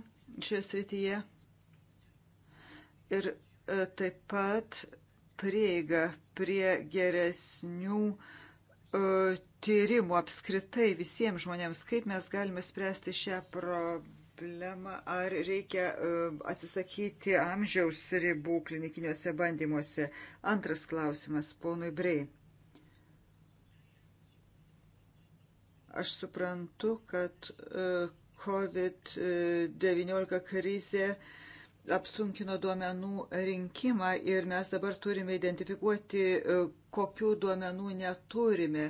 šioje srityje. Ir e, taip pat prieiga prie geresnių tyrimų apskritai visiems žmonėms, kaip mes galime spręsti šią problemą problemą, ar reikia e, atsisakyti amžiaus ribų klinikiniuose bandymuose. Antras klausimas, ponui Brei. Aš suprantu, kad e, COVID-19 krizė apsunkino duomenų rinkimą ir mes dabar turime identifikuoti, e, kokių duomenų neturime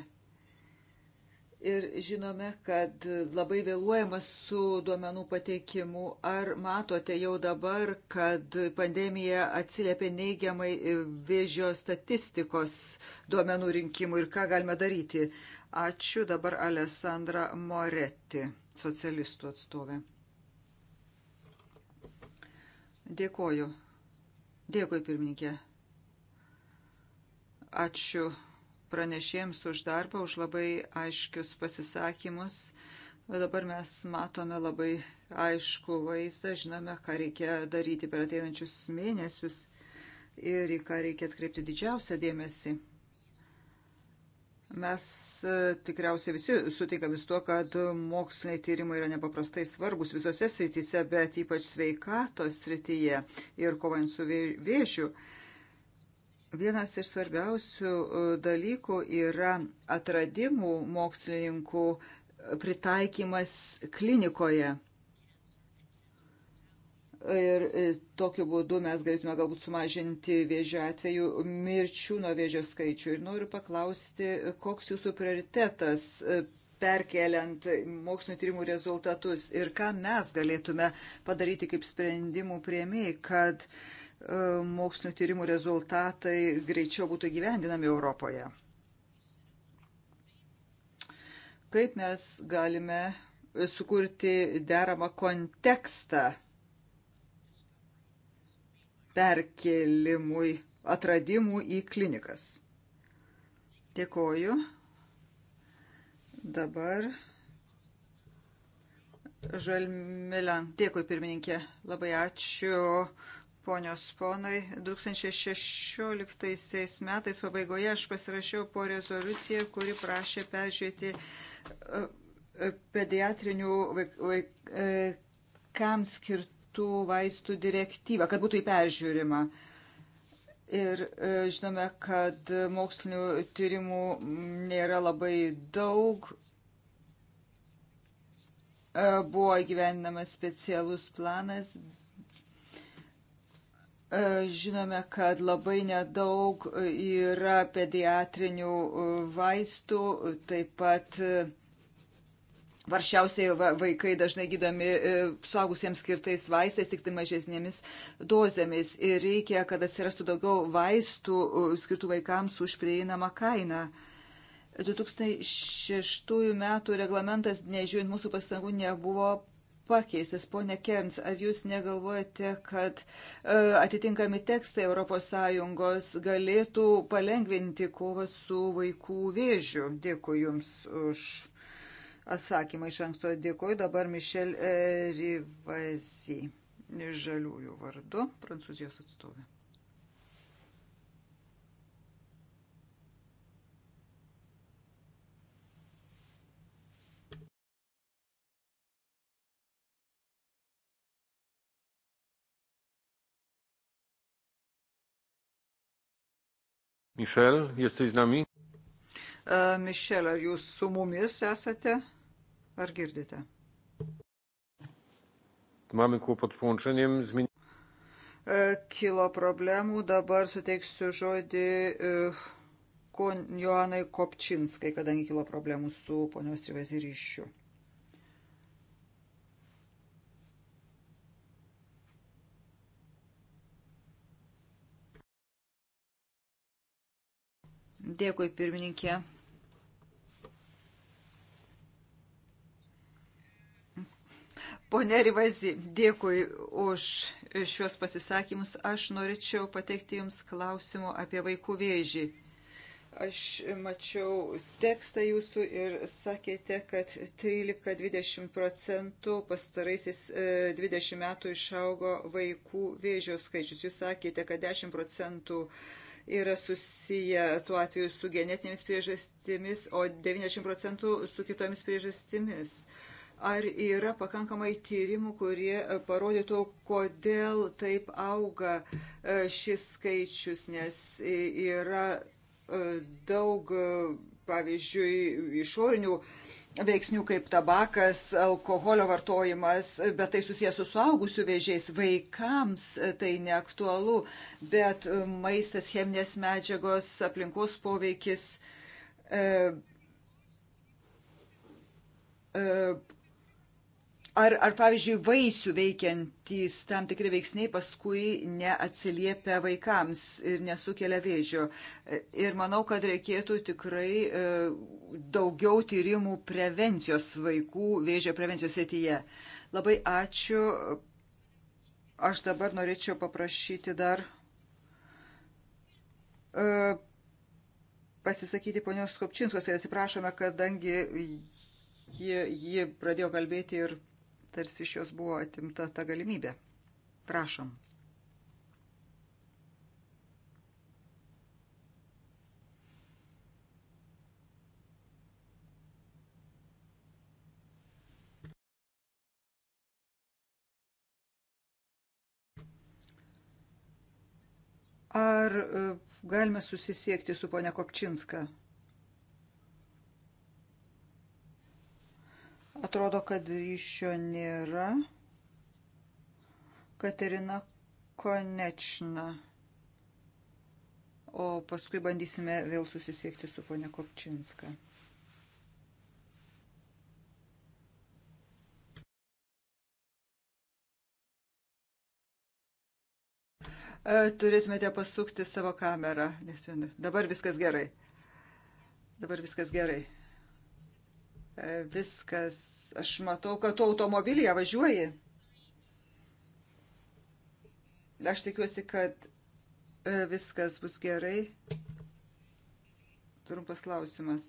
ir žinome, kad labai vėluojama su duomenų pateikimu. Ar matote jau dabar, kad pandemija atsiliepia neigiamai vėžio statistikos duomenų rinkimui ir ką galime daryti? Ačiū dabar Alessandra Moretti, socialistų atstovė. Dėkoju. Dėkui, pirmininkė. Ačiū pranešėjams už darbą, už labai aiškius pasisakymus. Dabar mes matome labai aišku vaizdą, žinome, ką reikia daryti per ateinančius mėnesius ir į ką reikia atkreipti didžiausią dėmesį. Mes e, tikriausiai visi sutikamės tuo, kad moksliniai tyrimai yra nepaprastai svarbus visose srityse, bet ypač sveikatos srityje ir kovant su vėžiu. Vė Vienas iš svarbiausių e, dalykų yra atradimų mokslininkų e, pritaikymas klinikoje. Ir e, tokiu būdu mes galėtume galbūt sumažinti vėžio atveju mirčių nuo vėžio skaičių. Ir noriu paklausti, koks jūsų prioritetas perkeliant mokslinio tyrimų rezultatus ir ką mes galėtume padaryti kaip sprendimų prieimiai, kad uh, E, mokslinio tyrimų rezultatai greičiau būtų gyvendinami Europoje. Kaip mes galime sukurti deramą kontekstą perkelimui atradimų į klinikas. Dėkoju. Dabar Žalmilan. Dėkui, pirmininkė. Labai ačiū ponios ponai, 2016 metais pabaigoje aš pasirašiau po rezoliuciją, kuri prašė peržiūrėti e, e, pediatrinių vaikams e, skirtų vaistų direktyvą, kad būtų įperžiūrima. Ir žinome, kad mokslinių tyrimų nėra labai daug. Buvo įgyvendinamas specialus planas, E, žinome, kad labai nedaug yra pediatrinių e, vaistų, taip pat varšiausiai e, vaikai dažnai gydomi suaugusiems skirtais vaistais, tik tai mažesnėmis dozėmis. Ir reikia, kad atsirastų daugiau vaistų skirtų vaikams už prieinamą kainą. 2006 metų reglamentas, nežiūrint mūsų pastangų, nebuvo pakeistas. Pone Kerns, ar jūs negalvojate, kad e, atitinkami tekstai ES galėtų palengvinti kovą su vaikų vėžiu? Dėkui Jums už atsakymą iš anksto. Dėkui dabar Mišel e, Rivasi, žaliųjų vardu, prancūzijos atstovė. Mišel, jesteś z nami? E, Mišel, ar jūs su mumis esate? Ar girdite? Mamy kłopot z połączeniem. Zmieni... Kilo problemų, dabar suteiksiu žodį e, Joanai Kopčinskai, kadangi kilo problemų su ponios Rivaziryšiu. Dėkui, pirmininkė. Pone Rivazi, dėkui už šiuos pasisakymus. Aš norėčiau pateikti Jums klausimų apie vaikų vėžį. Aš mačiau tekstą Jūsų ir sakėte, kad 13-20 procentų pastaraisiais 20 e, metų išaugo vaikų vėžio skaičius. Jūs sakėte, kad 10 procentų uh, yra susiję tuo atveju su genetinėmis priežastimis, o 90 procentų su kitomis priežastimis. Ar yra pakankamai tyrimų, kurie e, parodytų, kodėl taip auga e, šis skaičius, nes e, yra daug, pavyzdžiui, išorinių veiksnių kaip tabakas, alkoholio vartojimas, bet tai susijęs su suaugusių vėžiais. Vaikams tai neaktualu, bet maistas, cheminės medžiagos, aplinkos poveikis. E, e, Ar, ar pavyzdžiui, vaisių veikiantys tam tikri veiksniai paskui neatsiliepia vaikams ir nesukelia vėžio. Ir manau, kad reikėtų tikrai e, daugiau tyrimų prevencijos vaikų vėžio prevencijos srityje. Labai ačiū. Aš dabar norėčiau paprašyti dar e, pasisakyti ponios Kopčinskos ir atsiprašome, kadangi ji, ji pradėjo kalbėti ir tarsi iš jos buvo atimta ta galimybė. Prašom. Ar e, galime susisiekti su ponia Kopčinska? Atrodo, kad ryšio nėra. Katerina Konečna. O paskui bandysime vėl susisiekti su ponia Kopčinska. E, turėtumėte pasukti savo kamerą, nes dabar viskas gerai. Dabar viskas gerai. E, viskas. Aš matau, kad tu automobilyje važiuoji. Aš tikiuosi, kad e, viskas bus gerai. Trumpas klausimas.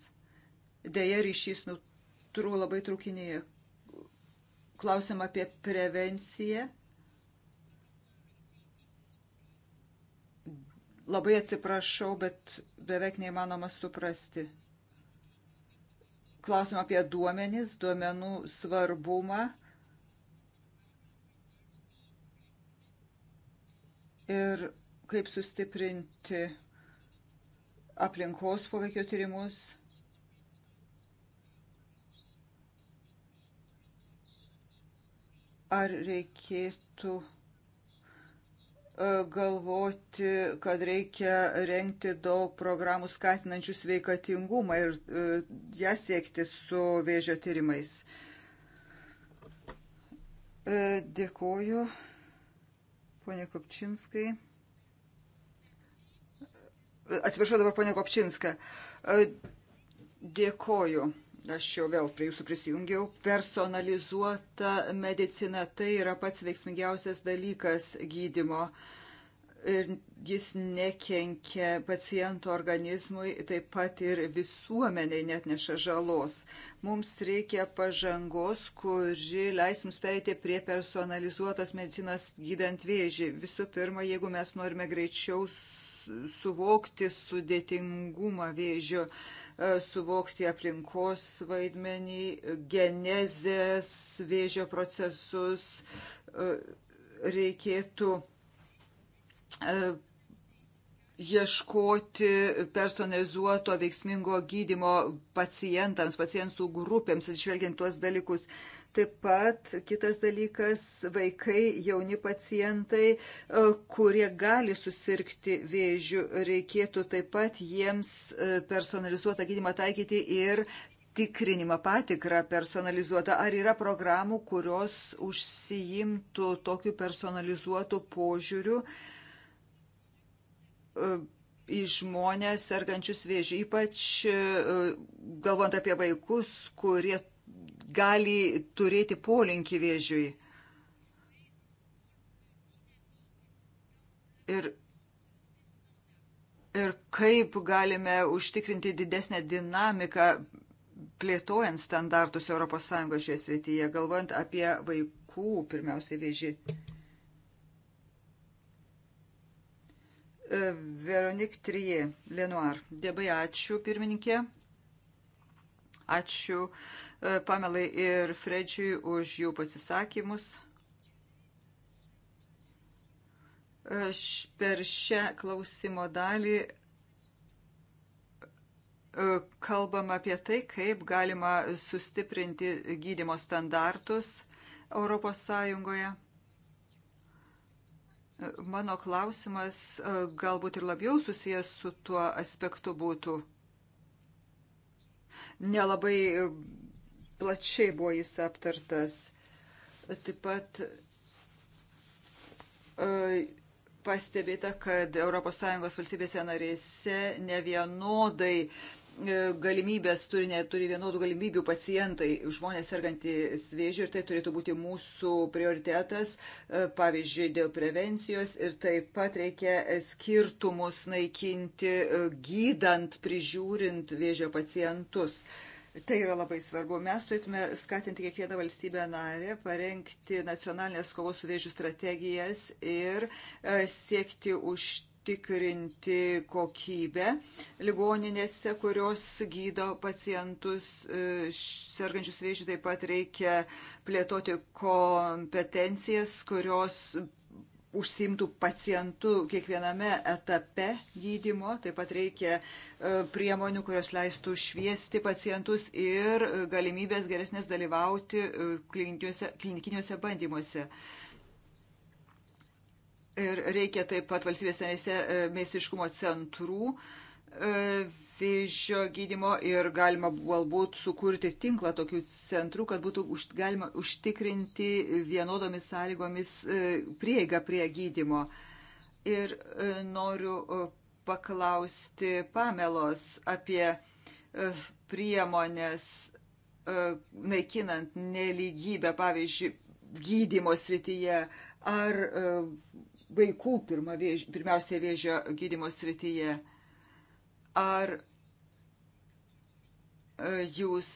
Deja, ryšys nutru labai trukinėje. Klausim apie prevenciją. Labai atsiprašau, bet beveik neįmanoma suprasti klausimą apie duomenis, duomenų svarbumą. Ir kaip sustiprinti aplinkos poveikio tyrimus. Ar reikėtų E, galvoti, kad reikia renkti daug programų skatinančių sveikatingumą ir e, ją siekti su vėžio tyrimais. E, dėkoju, ponė Kopčinskai. Atsiprašau dabar, ponė Kopčinska. Dėkoju aš jau vėl prie jūsų prisijungiau, personalizuota medicina tai yra pats veiksmingiausias dalykas gydimo ir jis nekenkia paciento organizmui, taip pat ir visuomeniai net neša žalos. Mums reikia pažangos, kuri leis mums pereiti prie personalizuotos medicinos gydant vėžį. Visų pirma, jeigu mes norime greičiau suvokti sudėtingumą vėžio, e, suvokti aplinkos vaidmenį, genezės vėžio procesus. E, reikėtų e, ieškoti personalizuoto veiksmingo gydimo pacientams, pacientų grupėms, atžvelgiant tuos dalykus. Taip pat kitas dalykas - vaikai, jauni pacientai, e, kurie gali susirgti vėžių, reikėtų taip pat jiems e, personalizuotą gydimą taikyti ir tikrinimą, patikrą personalizuotą. Ar yra programų, kurios užsiimtų tokiu personalizuotu požiūriu? E, į žmonės sergančius vėžiu, ypač galvant apie vaikus, kurie gali turėti polinkį vėžiui. Ir, ir kaip galime užtikrinti didesnę dinamiką plėtojant standartus ES šioje srityje, galvojant apie vaikų pirmiausiai vėžį. E, Veronik Trije, Lenoir. Dėbai ačiū, pirmininkė. Ačiū E, Pamelai ir Fredžiui už jų pasisakymus. E, per šią klausimo dalį e, kalbam apie tai, kaip galima sustiprinti gydimo standartus Europos Sąjungoje. Mano klausimas galbūt ir labiau susijęs su tuo aspektu būtų. Nelabai plačiai buvo jis aptartas. Taip pat e, pastebėta, kad ES valstybėse narėse ne vienodai e, galimybės turi, neturi vienodų galimybių pacientai, žmonės sergantys vėžiu ir tai turėtų būti mūsų prioritetas, e, pavyzdžiui, dėl prevencijos ir taip pat reikia skirtumus naikinti, gydant, prižiūrint vėžio pacientus. Tai yra labai svarbu. Mes turėtume skatinti kiekvieną valstybę narę, parengti nacionalinės kovos su vėžiu strategijas ir e, siekti užtikrinti kokybę ligoninėse, kurios gydo pacientus e, sergančius vėžiu. Taip pat reikia plėtoti kompetencijas, kurios užsimtų pacientų kiekviename etape gydymo. Taip pat reikia e, priemonių, kurios leistų šviesti pacientus ir galimybės geresnės dalyvauti e, klinikiniuose bandymuose. Ir reikia taip pat valstybės tenėse e, mėsiškumo centrų vėžio gydimo ir galima galbūt sukurti tinklą tokių centrų, kad būtų už, galima užtikrinti vienodomis sąlygomis e, prieigą prie gydimo. Ir e, noriu e, paklausti Pamelos apie priemonės naikinant neligybę, pavyzdžiui, gydymo srityje ar vaikų pirma, pirmiausia vėžio gydymo srityje. Ar e, jūs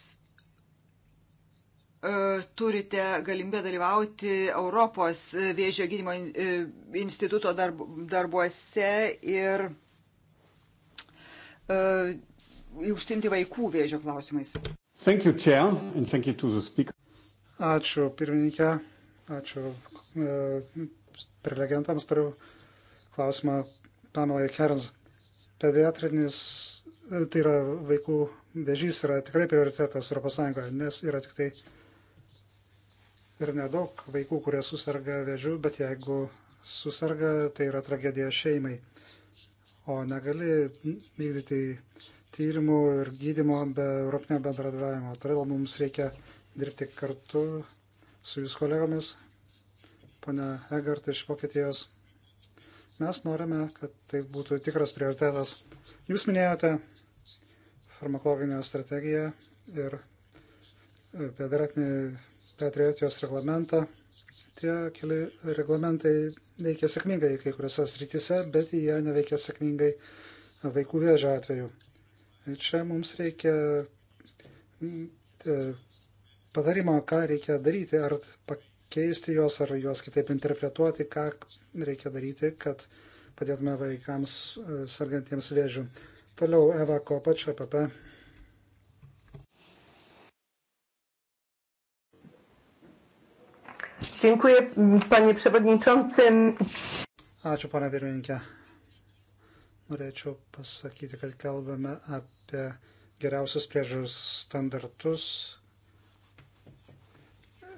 e, turite galimybę dalyvauti Europos vėžio gynimo e, instituto darbuose ir užsimti vaikų vėžio klausimais. Thank you, Chair, and thank you to the speaker. Ačiū pirmininkė, ačiū prelegentams, turiu klausimą Pamelai Kerns pediatrinis, e, tai yra vaikų vėžys yra tikrai prioritetas ES, nes yra tik tai ir nedaug vaikų, kurie susirga vėžiu, bet jeigu susirga, tai yra tragedija šeimai. O negali vykdyti tyrimų ir gydimo be Europinio bendradarbiavimo. Todėl mums reikia dirbti kartu su jūs kolegomis, ponia Egart iš Vokietijos. Mes norime, kad tai būtų tikras prioritetas. Jūs minėjote farmakologinę strategiją ir pediatrijos e, reglamentą. Tie keli reglamentai veikia sėkmingai kai kuriuose srityse, bet jie neveikia sėkmingai vaikų vėžio atveju. Ir čia mums reikia e, patarimo, ką reikia daryti, ar keisti juos ar juos kitaip interpretuoti, ką reikia daryti, kad padėtume vaikams e, sargantiems vėžių. Toliau Eva Kopač, APP. E Dziękuję, panie przewodniczący. Ačiū, pana pirmininkė. Norėčiau pasakyti, kad kalbame apie geriausius priežiūros standartus.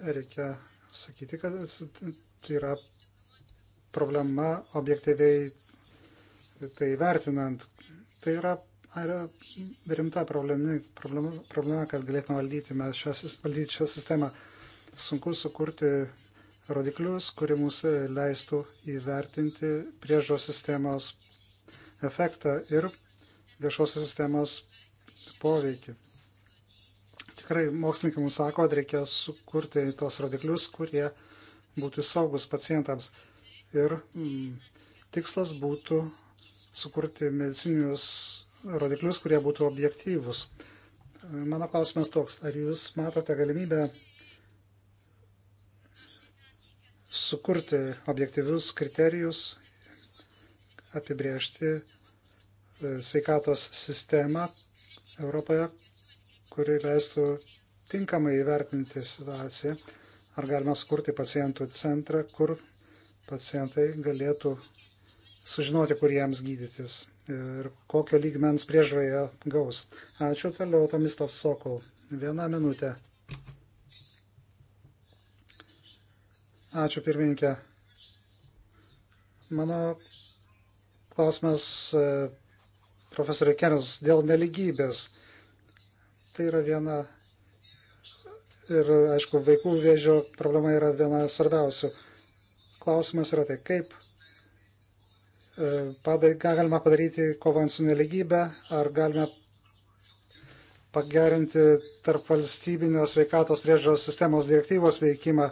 Reikia sakyti, kad tai yra problema objektyviai tai vertinant. Tai yra, yra rimta problemi, problema, problema, kad galėtume valdyti, šios, valdyti šią sistemą. Sunku sukurti rodiklius, kurie mums leistų įvertinti priežos sistemos efektą ir viešosios sistemos poveikį tikrai mokslininkai mums sako, kad reikia sukurti tos rodiklius, kurie būtų saugus pacientams. Ir mm, tikslas būtų sukurti medicinius rodiklius, kurie būtų objektyvus. Mano klausimas toks, ar jūs matote galimybę sukurti objektyvius kriterijus, apibriežti e, sveikatos sistemą Europoje, kuri leistų tinkamai įvertinti situaciją. Ar galima skurti pacientų centrą, kur pacientai galėtų sužinoti, kur jiems gydytis ir kokio lygmens priežroje gaus. Ačiū toliau, Tomislav Sokol. Viena minutė. Ačiū pirmininkė. Mano klausimas e, profesoriai Kenas dėl neligybės Tai yra viena ir, aišku, vaikų vėžio problema yra viena svarbiausių. Klausimas yra tai, kaip, e, padai, ką galima padaryti kovant su neligybė, ar galime pagerinti tarp valstybinio sveikatos priežiūros sistemos direktyvos veikimą,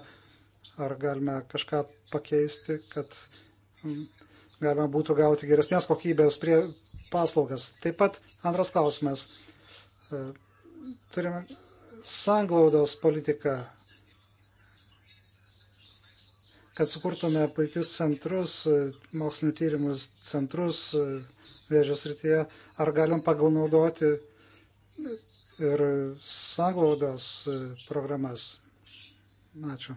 ar galime kažką pakeisti, kad galima būtų gauti geresnės kokybės prie paslaugas. Taip pat antras klausimas e, turime sanglaudos politiką, kad sukurtume puikius centrus, mokslinių tyrimų centrus vėžio srityje, ar galim pagaunaudoti ir sanglaudos programas. Ačiū.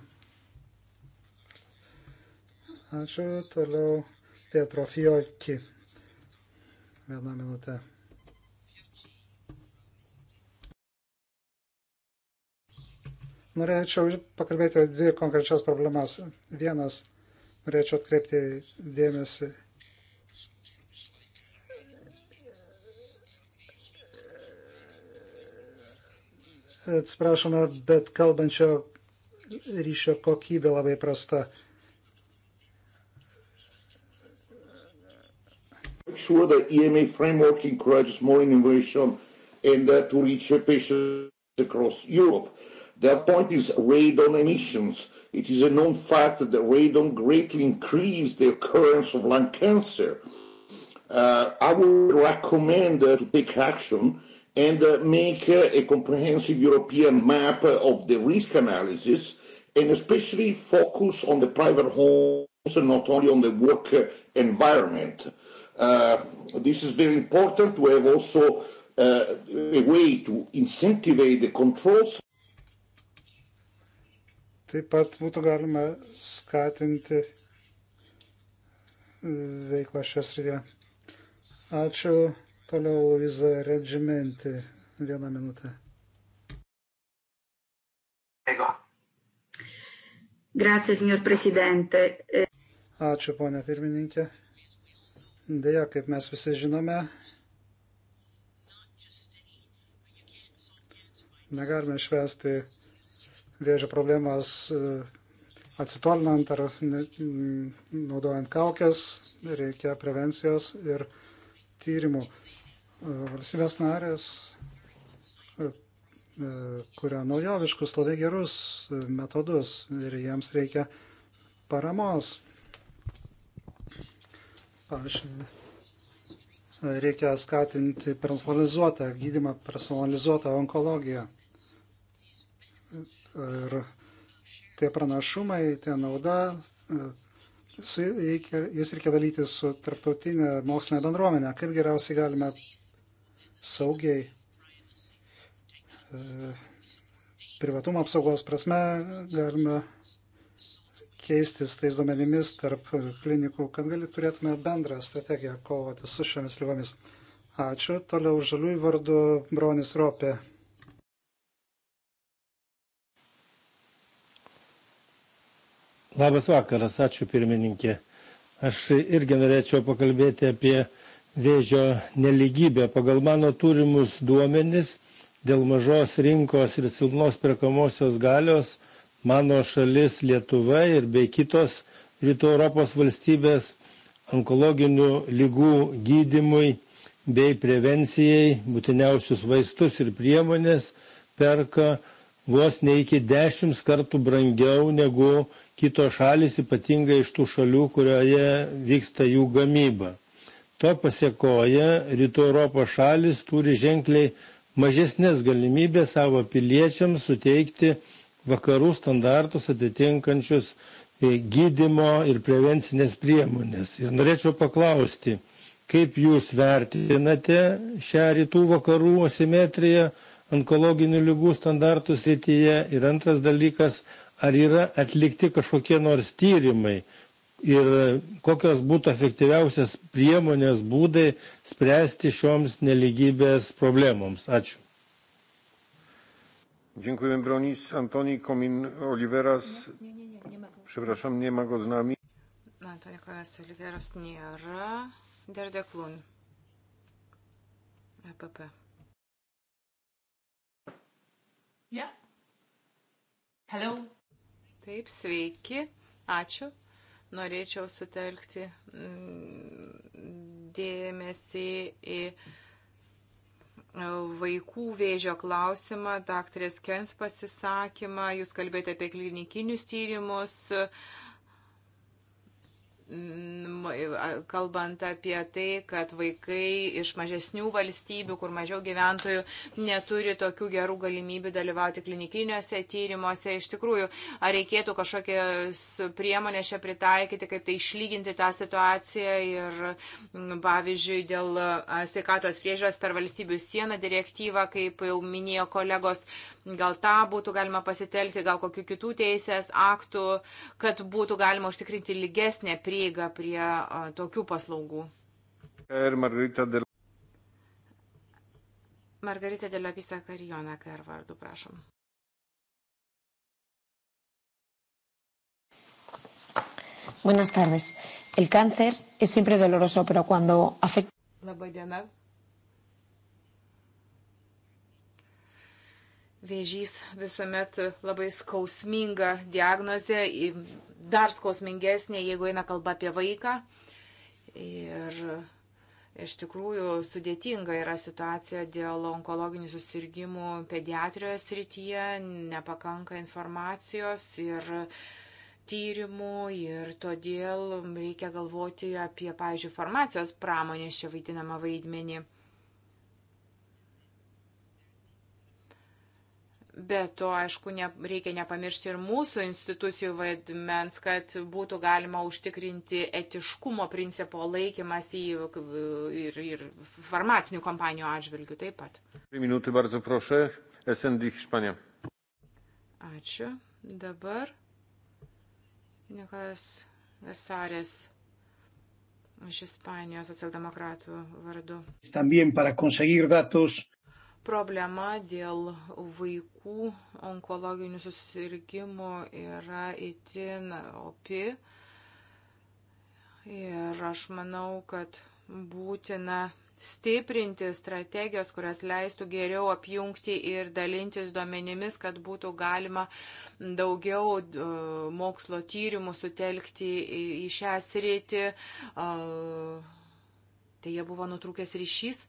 Ačiū. Toliau Pietro Fioki. Vieną minutę. Norėčiau pakalbėti apie dvi konkrečias problemas. Vienas, norėčiau atkreipti dėmesį. Atsiprašome, bet kalbančio ryšio kokybė labai prasta. sure that EMA framework encourages more innovation and that to reach patients across Europe. Their point is radon emissions. It is a known fact that radon greatly increases the occurrence of lung cancer. Uh, I would recommend uh, to take action and uh, make uh, a comprehensive European map of the risk analysis and especially focus on the private homes and not only on the work uh, environment. Uh, this is very important to have also a way to incentivize the controls Taip pat būtų galima skatinti e, veiklą šios rytėje. Ačiū. Toliau Luiza Redžimenti. Vieną minutę. Grazie, signor Presidente. E- Ačiū, ponia pirmininkė. Deja, kaip mes visi žinome, negalime švesti vėžio problemas e, atsitolinant ar naudojant kaukės, reikia prevencijos ir tyrimų. E, valstybės narės e, kuria naujoviškus, labai gerus metodus ir jiems reikia paramos. Pavyzdžiui, reikia skatinti personalizuotą gydimą, personalizuotą onkologiją. Ir tie pranašumai, tie nauda, su, reikia, jūs reikia dalyti su tarptautinė mokslinė bendruomenė, kaip geriausiai galime saugiai e, privatumo apsaugos prasme galime keistis tais duomenimis tarp klinikų, kad gali turėtume bendrą strategiją kovoti su šiomis lygomis. Ačiū. Toliau žaliųjų vardu Bronis Ropė. Labas vakaras, ačiū pirmininkė. Aš irgi norėčiau pakalbėti apie vėžio neligybę. Pagal mano turimus duomenis dėl mažos rinkos ir silpnos perkamosios galios mano šalis Lietuva ir bei kitos rytų Europos valstybės onkologinių lygų gydimui bei prevencijai būtiniausius vaistus ir priemonės perka vos ne iki dešims kartų brangiau negu kitos šalys, ypatingai iš tų šalių, kurioje vyksta jų gamyba. To pasiekoja, rytų Europos šalis turi ženkliai mažesnės galimybės savo piliečiams suteikti vakarų standartus atitinkančius e, gydimo ir prevencinės priemonės. Ir norėčiau paklausti, kaip jūs vertinate šią rytų vakarų asimetriją onkologinių ligų standartų srityje ir antras dalykas ar yra atlikti kažkokie nors tyrimai ir kokios būtų efektyviausios priemonės būdai spręsti šioms neligybės problemoms. Ačiū. Dziękuję Bronis. Antoni Komin Oliveras. Przepraszam, nie ma go z nami. Antoni Kominas Oliveras nėra. Derdeklun. EPP. Yeah. Hello. Taip, sveiki. Ačiū. Norėčiau sutelkti mm, dėmesį į e, vaikų vėžio klausimą, daktarės Kerns pasisakymą, jūs kalbėjote apie klinikinius tyrimus, uh, kalbant apie tai, kad vaikai iš mažesnių valstybių, kur mažiau gyventojų, neturi tokių gerų galimybių dalyvauti klinikiniuose tyrimuose. Iš tikrųjų, ar reikėtų kažkokias priemonės čia pritaikyti, kaip tai išlyginti tą situaciją ir, pavyzdžiui, dėl sveikatos priežiūros per valstybių sieną direktyvą, kaip jau minėjo kolegos, Gal tą būtų galima pasitelkti, gal kokiu kitų teisės aktų, kad būtų galima užtikrinti lygesnę prieigą prie tokių paslaugų. Ir er, Margarita dėl. Margarita Delapisa Karijona KR vardu, prašom. Buenas tardes. El cáncer es siempre doloroso, pero cuando afecta. Labai diena. Vėžys visuomet labai skausminga diagnozė, dar skausmingesnė, jeigu eina kalba apie vaiką. Ir iš tikrųjų sudėtinga yra situacija dėl onkologinių susirgymų pediatrijos rytyje, nepakanka informacijos ir tyrimų ir todėl reikia galvoti apie, pavyzdžiui, farmacijos pramonės čia vaidinamą vaidmenį. Bet to, aišku, ne, reikia nepamiršti ir mūsų institucijų vaidmens, kad būtų galima užtikrinti etiškumo principo laikymas į, ir, ir farmacinių kompanijų atžvilgių taip pat. Minutį, bardzo prošę, SND Ispanija. Ačiū. Dabar Nikolas Vesarės iš Ispanijos socialdemokratų vardu. También para conseguir datos problema dėl vaikų onkologinių susirgymų yra itin opi. Ir aš manau, kad būtina stiprinti strategijos, kurias leistų geriau apjungti ir dalintis duomenimis, kad būtų galima daugiau e, mokslo tyrimų sutelkti į šią sritį. Tai jie buvo nutrūkęs ryšys.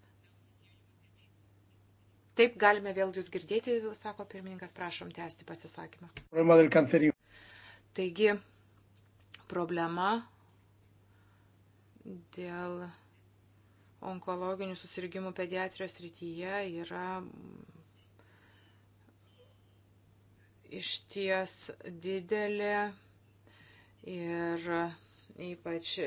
Taip, galime vėl jūs girdėti, sako pirmininkas, prašom tęsti pasisakymą. Problema dėl kancerijų. Taigi, problema dėl onkologinių susirgymų pediatrijos rytyje yra iš ties didelė ir Ypač e,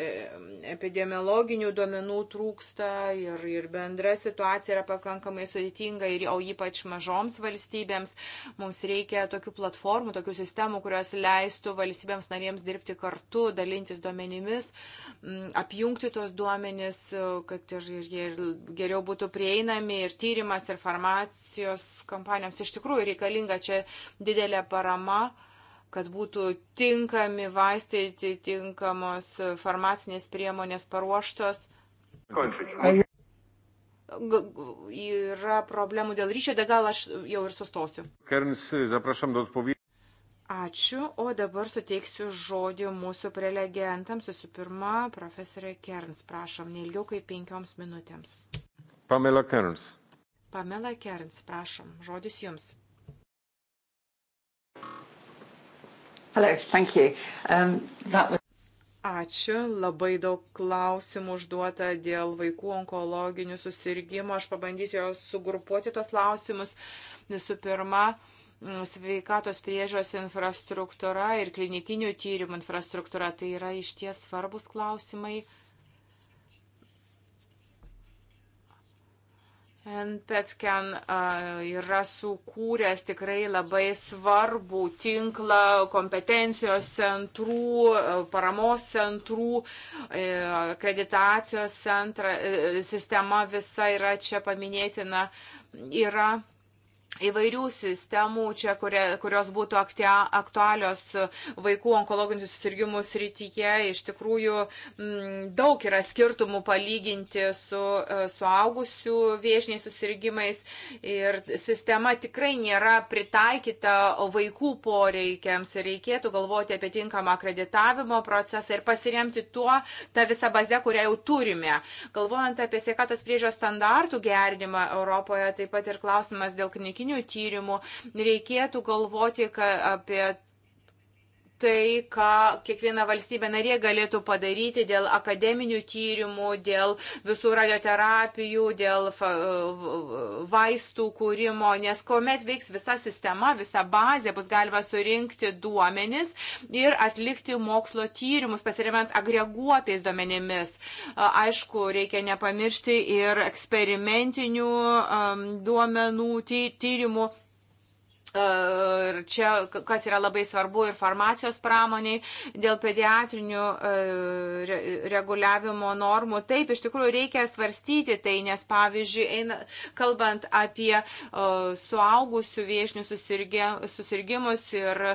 epidemiologinių duomenų trūksta ir, ir bendra situacija yra pakankamai sudėtinga, ir, o ypač mažoms valstybėms mums reikia tokių platformų, tokių sistemų, kurios leistų valstybėms narėms dirbti kartu, dalintis duomenimis, apjungti tos duomenis, e, kad ir, ir, ir geriau būtų prieinami ir tyrimas, ir farmacijos kompanijoms. Iš tikrųjų reikalinga čia didelė parama. Uh, kad būtų tinkami vaistai, tinkamos e, farmacinės priemonės paruoštos. Yra problemų dėl ryšio, bet gal aš jau ir sustosiu. Kernis, zaprašom, duot povį. Ačiū, o dabar suteiksiu žodį mūsų prelegentams. Visų pirma, profesorė Kerns, prašom, neilgiau kaip penkioms minutėms. Pamela Kerns. Pamela Kerns, prašom, žodis jums. Hello, thank you. Um, that was... Ačiū, labai daug klausimų užduota dėl vaikų onkologinių susirgymų. Aš pabandysiu jos sugrupuoti tos klausimus. Visų pirma, mm, sveikatos priežos infrastruktūra ir klinikinių tyrimų infrastruktūra tai yra iš ties svarbus klausimai. Uh, Petsken yra sukūręs tikrai labai svarbų tinklą kompetencijos centrų, paramos centrų, e, akreditacijos centra, e, sistema visa yra čia paminėtina. Yra įvairių sistemų čia, kurie, kurios būtų aktia, aktualios vaikų onkologinių susirgymų srityje. Iš tikrųjų, m, mm, daug yra skirtumų palyginti su e, suaugusių viešiniais susirgymais ir sistema tikrai nėra pritaikyta vaikų poreikiams. Reikėtų galvoti apie tinkamą akreditavimo procesą ir pasiremti tuo, tą visą bazę, kurią jau turime. Galvojant apie sveikatos priežios standartų gerinimą Europoje, taip pat ir klausimas dėl klinikinių klinikinių tyrimų, reikėtų galvoti apie tai, ką kiekviena valstybė narė galėtų padaryti dėl akademinių tyrimų, dėl visų radioterapijų, dėl vaistų kūrimo, nes kuomet veiks visa sistema, visa bazė, bus galima surinkti duomenis ir atlikti mokslo tyrimus, pasiremiant agreguotais duomenimis. Aišku, reikia nepamiršti ir eksperimentinių duomenų tyrimų. Ty Ir čia, kas yra labai svarbu ir farmacijos pramoniai, dėl pediatrinių e, reguliavimo normų. Taip, iš tikrųjų reikia svarstyti tai, nes pavyzdžiui, eina, kalbant apie suaugusių viešnių susirgymus ir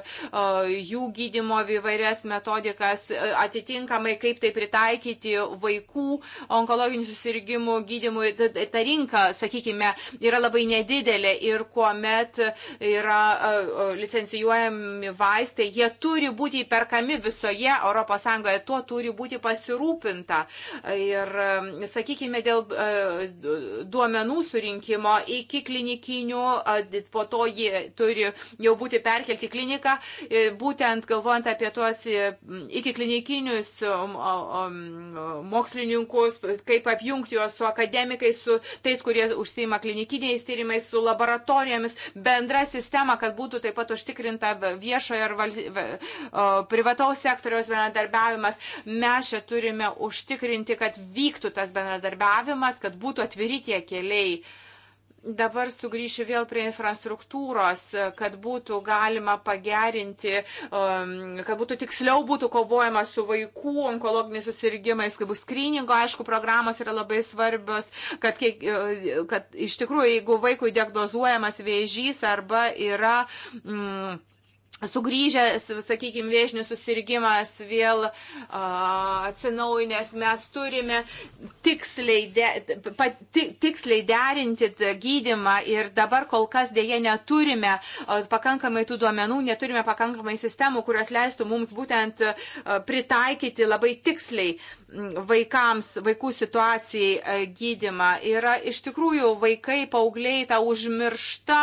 jų gydimo įvairias metodikas, e, atitinkamai kaip tai pritaikyti vaikų onkologinių susirgymų gydimui, ta rinka, sakykime, yra labai nedidelė ir kuomet yra yra e, e, licencijuojami vaistai, jie turi būti įperkami visoje ES, tuo turi būti pasirūpinta. Ir, e, sakykime, dėl duomenų surinkimo iki klinikinių, po to jie turi jau būti perkelti kliniką, būtent galvojant apie tuos iki klinikinius mokslininkus, kaip apjungti juos su akademikais, su tais, kurie užsima klinikiniais tyrimais, su laboratorijomis, bendra sistema sistemą, kad būtų taip pat užtikrinta viešojo ir valsty... privataus sektoriaus bendradarbiavimas. Mes čia turime užtikrinti, kad vyktų tas bendradarbiavimas, kad būtų atviri tie keliai. Uh, Dabar sugrįšiu vėl prie infrastruktūros, kad būtų galima pagerinti, um, kad būtų tiksliau būtų kovojama su vaikų onkologiniais susirgymais, kaip bus skryningo, aišku, programos yra labai svarbios, kad, kiek, uh, kad iš tikrųjų, jeigu vaikui diagnozuojamas vėžys arba yra. Mm, sugrįžęs, sakykime, viešnis susirgymas vėl a, atsinaujinęs, mes turime tiksliai, de, pat, tiksliai derinti gydimą ir dabar kol kas dėje neturime pakankamai tų duomenų, neturime pakankamai sistemų, kurios leistų mums būtent pritaikyti labai tiksliai vaikams, vaikų situacijai e, gydimą. Yra iš tikrųjų vaikai, paaugliai, ta užmiršta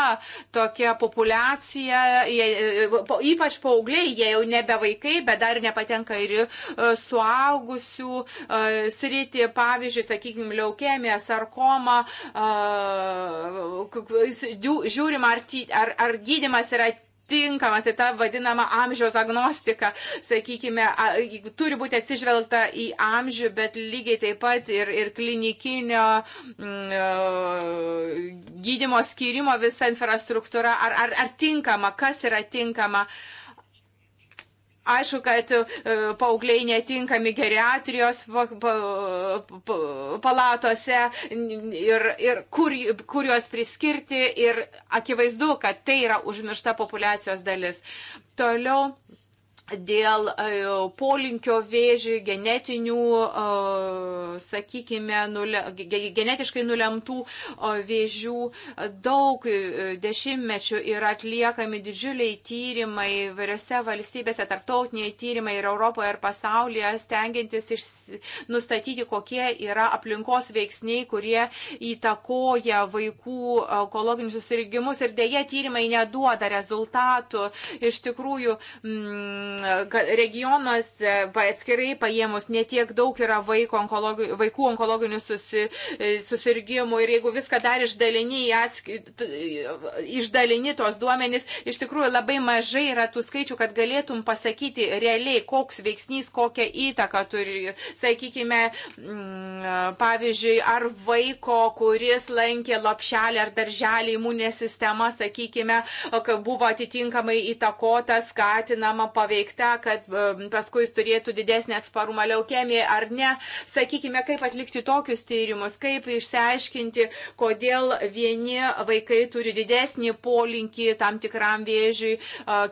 tokia populiacija, jie, e, e, ypač paaugliai, jie jau nebe vaikai, bet dar nepatenka ir suaugusių sritį, pavyzdžiui, sakykime, leukemija, sarkoma, žiūrima, ar, ar gydimas yra tinkamas į tą vadinamą amžiaus agnostiką, sakykime, turi būti atsižvelgta į amžių, bet lygiai taip pat ir, ir klinikinio mm, e, gydimo skirimo visa infrastruktūra, ar, ar, ar tinkama, kas yra tinkama. Uh, Aišku, kad e, paaugliai netinkami geriatrijos palatose ir, ir kur, kur juos priskirti ir akivaizdu, kad tai yra užmiršta populiacijos dalis. Toliau dėl e, polinkio vėžiui, genetinių, e, sakykime, nule, genetiškai nulemtų e, vėžių. Daug dešimtmečių yra atliekami didžiuliai tyrimai vairiose valstybėse, tarptautiniai tyrimai ir Europoje ir pasaulyje, stengiantis iš, nustatyti, kokie yra aplinkos veiksniai, kurie įtakoja vaikų onkologinius susirgymus ir dėje tyrimai neduoda rezultatų. Iš tikrųjų, mm, regionuose atskirai paėmus netiek daug yra vaiko onkologi, vaikų onkologinių susi, susirgymų ir jeigu viską dar išdalini, atski, išdalini tos duomenys, iš tikrųjų labai mažai yra tų skaičių, kad galėtum pasakyti realiai, koks veiksnys, kokią įtaką turi, sakykime, mm, pavyzdžiui, ar vaiko, kuris lankė lopšelį ar darželį imuninė sistema, sakykime, buvo atitinkamai įtakota, skatinama paveikti paveikta, kad um, paskui jis turėtų didesnį atsparumą leukemijai ar ne. Sakykime, kaip atlikti tokius tyrimus, kaip išsiaiškinti, kodėl vieni vaikai turi didesnį polinkį tam tikram vėžiui,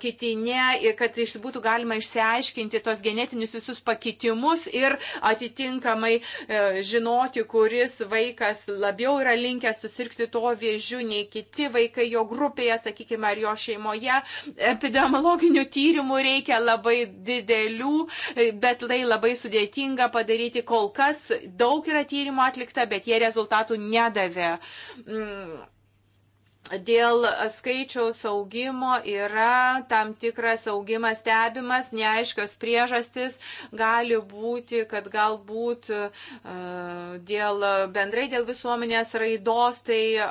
kiti ne, ir kad būtų galima išsiaiškinti tos genetinius visus pakitimus ir atitinkamai e, žinoti, kuris vaikas labiau yra linkęs susirgti to vėžiu nei kiti vaikai jo grupėje, sakykime, ar jo šeimoje. Epidemiologinių tyrimų reikia labai didelių, bet tai labai sudėtinga padaryti. Kol kas daug yra tyrimų atlikta, bet jie rezultatų nedavė. Mm dėl skaičiaus augimo yra tam tikras augimas stebimas, neaiškios priežastis, gali būti, kad galbūt e, dėl, bendrai dėl visuomenės raidos tai e,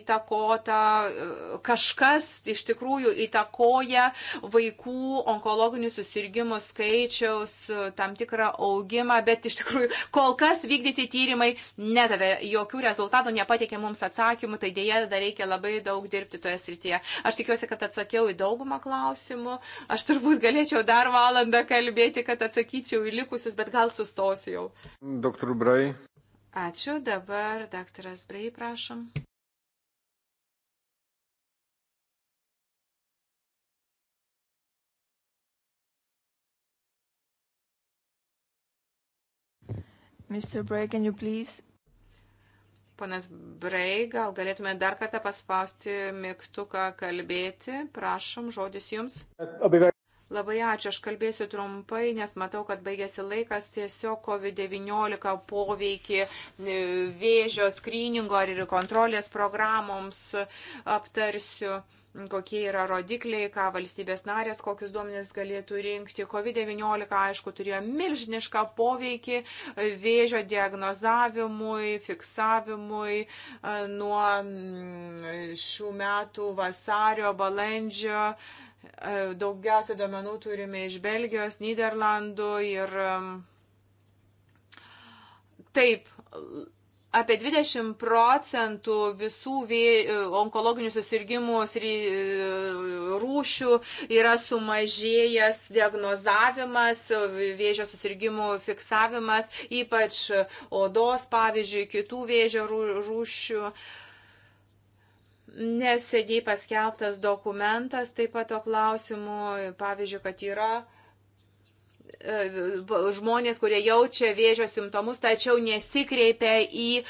įtakota, e, kažkas iš tikrųjų įtakoja vaikų onkologinių susirgymų skaičiaus tam tikrą augimą, bet iš tikrųjų kol kas vykdyti tyrimai nedavė jokių rezultatų, nepatikė mums atsakymų, tai dėja dar reikia labai labai daug dirbti toje srityje. Aš tikiuosi, kad atsakiau į daugumą klausimų. Aš turbūt galėčiau dar valandą kalbėti, kad atsakyčiau į likusius, bet gal sustosiu jau. Doktor Brai. Ačiū. Dabar daktaras Brai, prašom. Mr. Bray, can you please Panas Brei, gal galėtume dar kartą paspausti mygtuką kalbėti. Prašom, žodis jums. Labai ačiū, aš kalbėsiu trumpai, nes matau, kad baigėsi laikas tiesiog COVID-19 poveikį e, vėžio skryningo ar kontrolės programoms aptarsiu kokie yra rodikliai, ką valstybės narės, kokius duomenis galėtų rinkti. COVID-19, aišku, turėjo milžinišką poveikį vėžio diagnozavimui, fiksavimui e, nuo mm, šių metų vasario, balandžio. E, daugiausia duomenų turime iš Belgijos, Niderlandų ir e, taip apie 20 procentų visų vė... onkologinių susirgymų rūšių yra sumažėjęs diagnozavimas, vėžio susirgymų fiksavimas, ypač odos, pavyzdžiui, kitų vėžio rūšių. Neseniai paskelbtas dokumentas taip pat to klausimu, pavyzdžiui, kad yra E, žmonės, kurie jaučia vėžio simptomus, tačiau nesikreipia į e,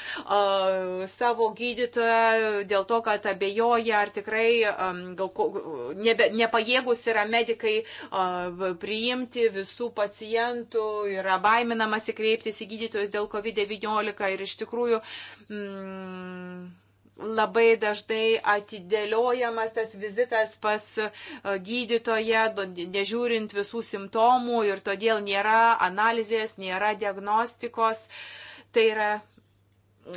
savo gydytoją dėl to, kad abejoja, ar tikrai nebe, nepajėgus yra medikai e, priimti visų pacientų, yra baiminamas įkreiptis į gydytojus dėl COVID-19 ir iš tikrųjų. Mm, labai dažnai atidėliojamas tas vizitas pas e, gydytoje, nežiūrint visų simptomų ir todėl nėra analizės, nėra diagnostikos. Tai yra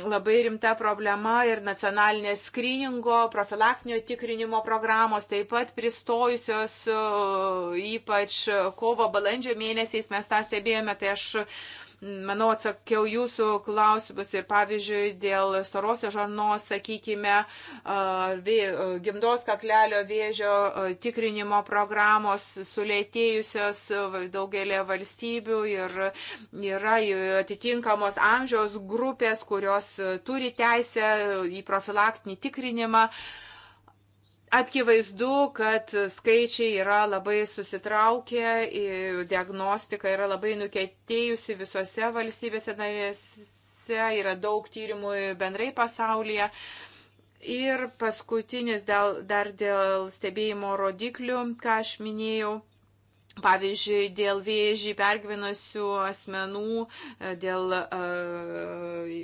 labai rimta problema ir nacionalinės skriningo, profilaktinio tikrinimo programos taip pat pristojusios, e, ypač kovo, balandžio mėnesiais mes tą stebėjome, tai aš Manau, atsakiau jūsų klausimus ir pavyzdžiui dėl storosios žarnos, sakykime, gimdos kaklelio vėžio tikrinimo programos sulėtėjusios daugelė valstybių ir yra atitinkamos amžiaus grupės, kurios turi teisę į profilaktinį tikrinimą. Uh, Akivaizdu, kad skaičiai yra labai susitraukę, diagnostika yra labai nukentėjusi visose valstybėse narėse, yra daug tyrimų bendrai pasaulyje. Ir paskutinis dėl, dar dėl stebėjimo rodiklių, ką aš minėjau. Pavyzdžiui, dėl vėžį pergyvenusių asmenų, dėl uh,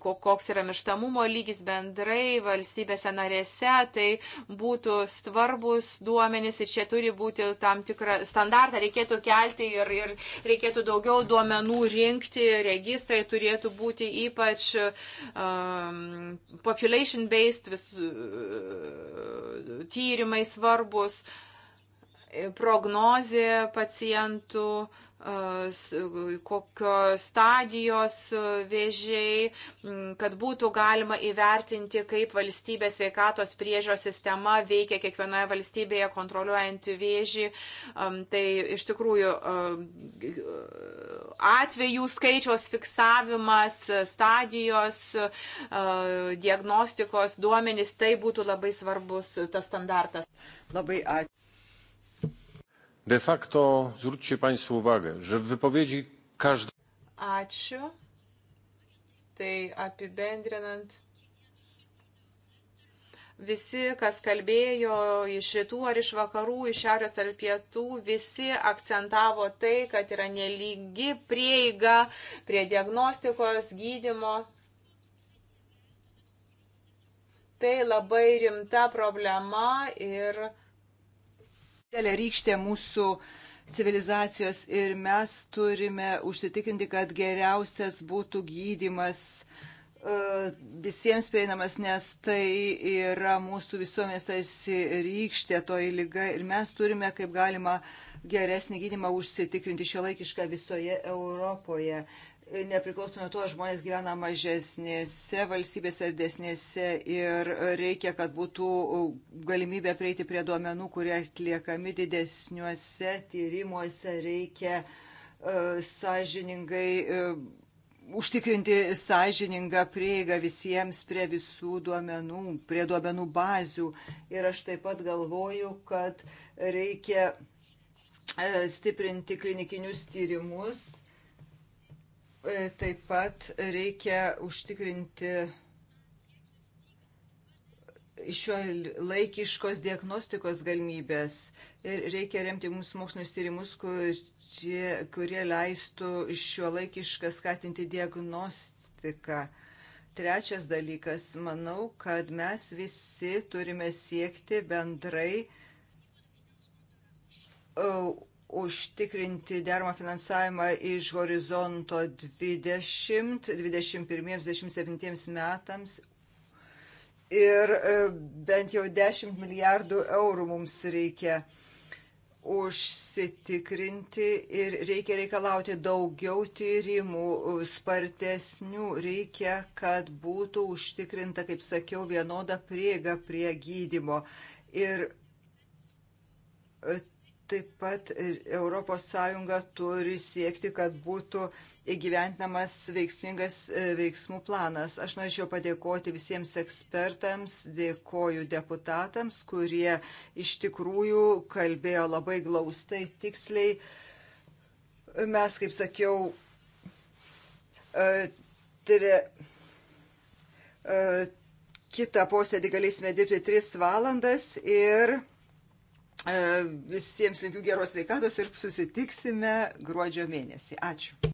koks yra mirštamumo lygis bendrai valstybėse narėse, tai būtų svarbus duomenys ir čia turi būti tam tikrą standartą, reikėtų kelti ir, ir reikėtų daugiau duomenų rinkti, registrai turėtų būti ypač um, population-based vis, uh, tyrimai svarbus. Uh, prognozė pacientų, kokios stadijos vėžiai, kad būtų galima įvertinti, kaip valstybės veikatos priežios sistema veikia kiekvienoje valstybėje kontroliuojant vėžį. Tai iš tikrųjų atvejų skaičiaus fiksavimas, stadijos, diagnostikos duomenys, tai būtų labai svarbus tas standartas. Labai ačiū. De facto zwróćcie Państwo uwagę, że w wypowiedzi każdego. Ačiū. Tai apibendrinant, visi, kas kalbėjo iš rytų ar iš vakarų, iš šiaurės ar pietų, visi akcentavo tai, kad yra nelygi prieiga prie diagnostikos, gydimo. Tai labai rimta problema ir didelė rykštė mūsų civilizacijos ir mes turime užsitikrinti, kad geriausias būtų gydimas e, visiems prieinamas, nes tai yra mūsų visuomenės tarsi rykštė toji lyga ir mes turime kaip galima geresnį gydimą užsitikrinti šio laikišką visoje Europoje nepriklausomai to, žmonės gyvena mažesnėse valstybėse ir desnėse ir reikia, kad būtų galimybė prieiti prie duomenų, kurie atliekami didesniuose tyrimuose, reikia uh, sąžiningai. Uh, Užtikrinti sąžiningą prieigą visiems prie visų duomenų, prie duomenų bazių. Ir aš taip pat galvoju, kad reikia e, stiprinti klinikinius tyrimus E, taip pat reikia užtikrinti šio laikiškos diagnostikos galimybės ir reikia remti mums mokslinius tyrimus, kurie, kurie leistų šio laikišką skatinti diagnostiką. Trečias dalykas, manau, kad mes visi turime siekti bendrai e, užtikrinti dermą finansavimą iš horizonto 20, 21-27 metams ir e, bent jau 10 milijardų eurų mums reikia užsitikrinti ir reikia reikalauti daugiau tyrimų, spartesnių, reikia, kad būtų užtikrinta, kaip sakiau, vienoda prieiga prie gydimo. Ir e, Taip pat ES turi siekti, kad būtų įgyventinamas veiksmingas e, veiksmų planas. Aš norėčiau padėkoti visiems ekspertams, dėkoju deputatams, kurie iš tikrųjų kalbėjo labai glaustai, tiksliai. Mes, kaip sakiau, e, tre, e, kitą posėdį galėsime dirbti 3 valandas ir E, visiems linkiu geros veikatos ir susitiksime gruodžio mėnesį. Ačiū.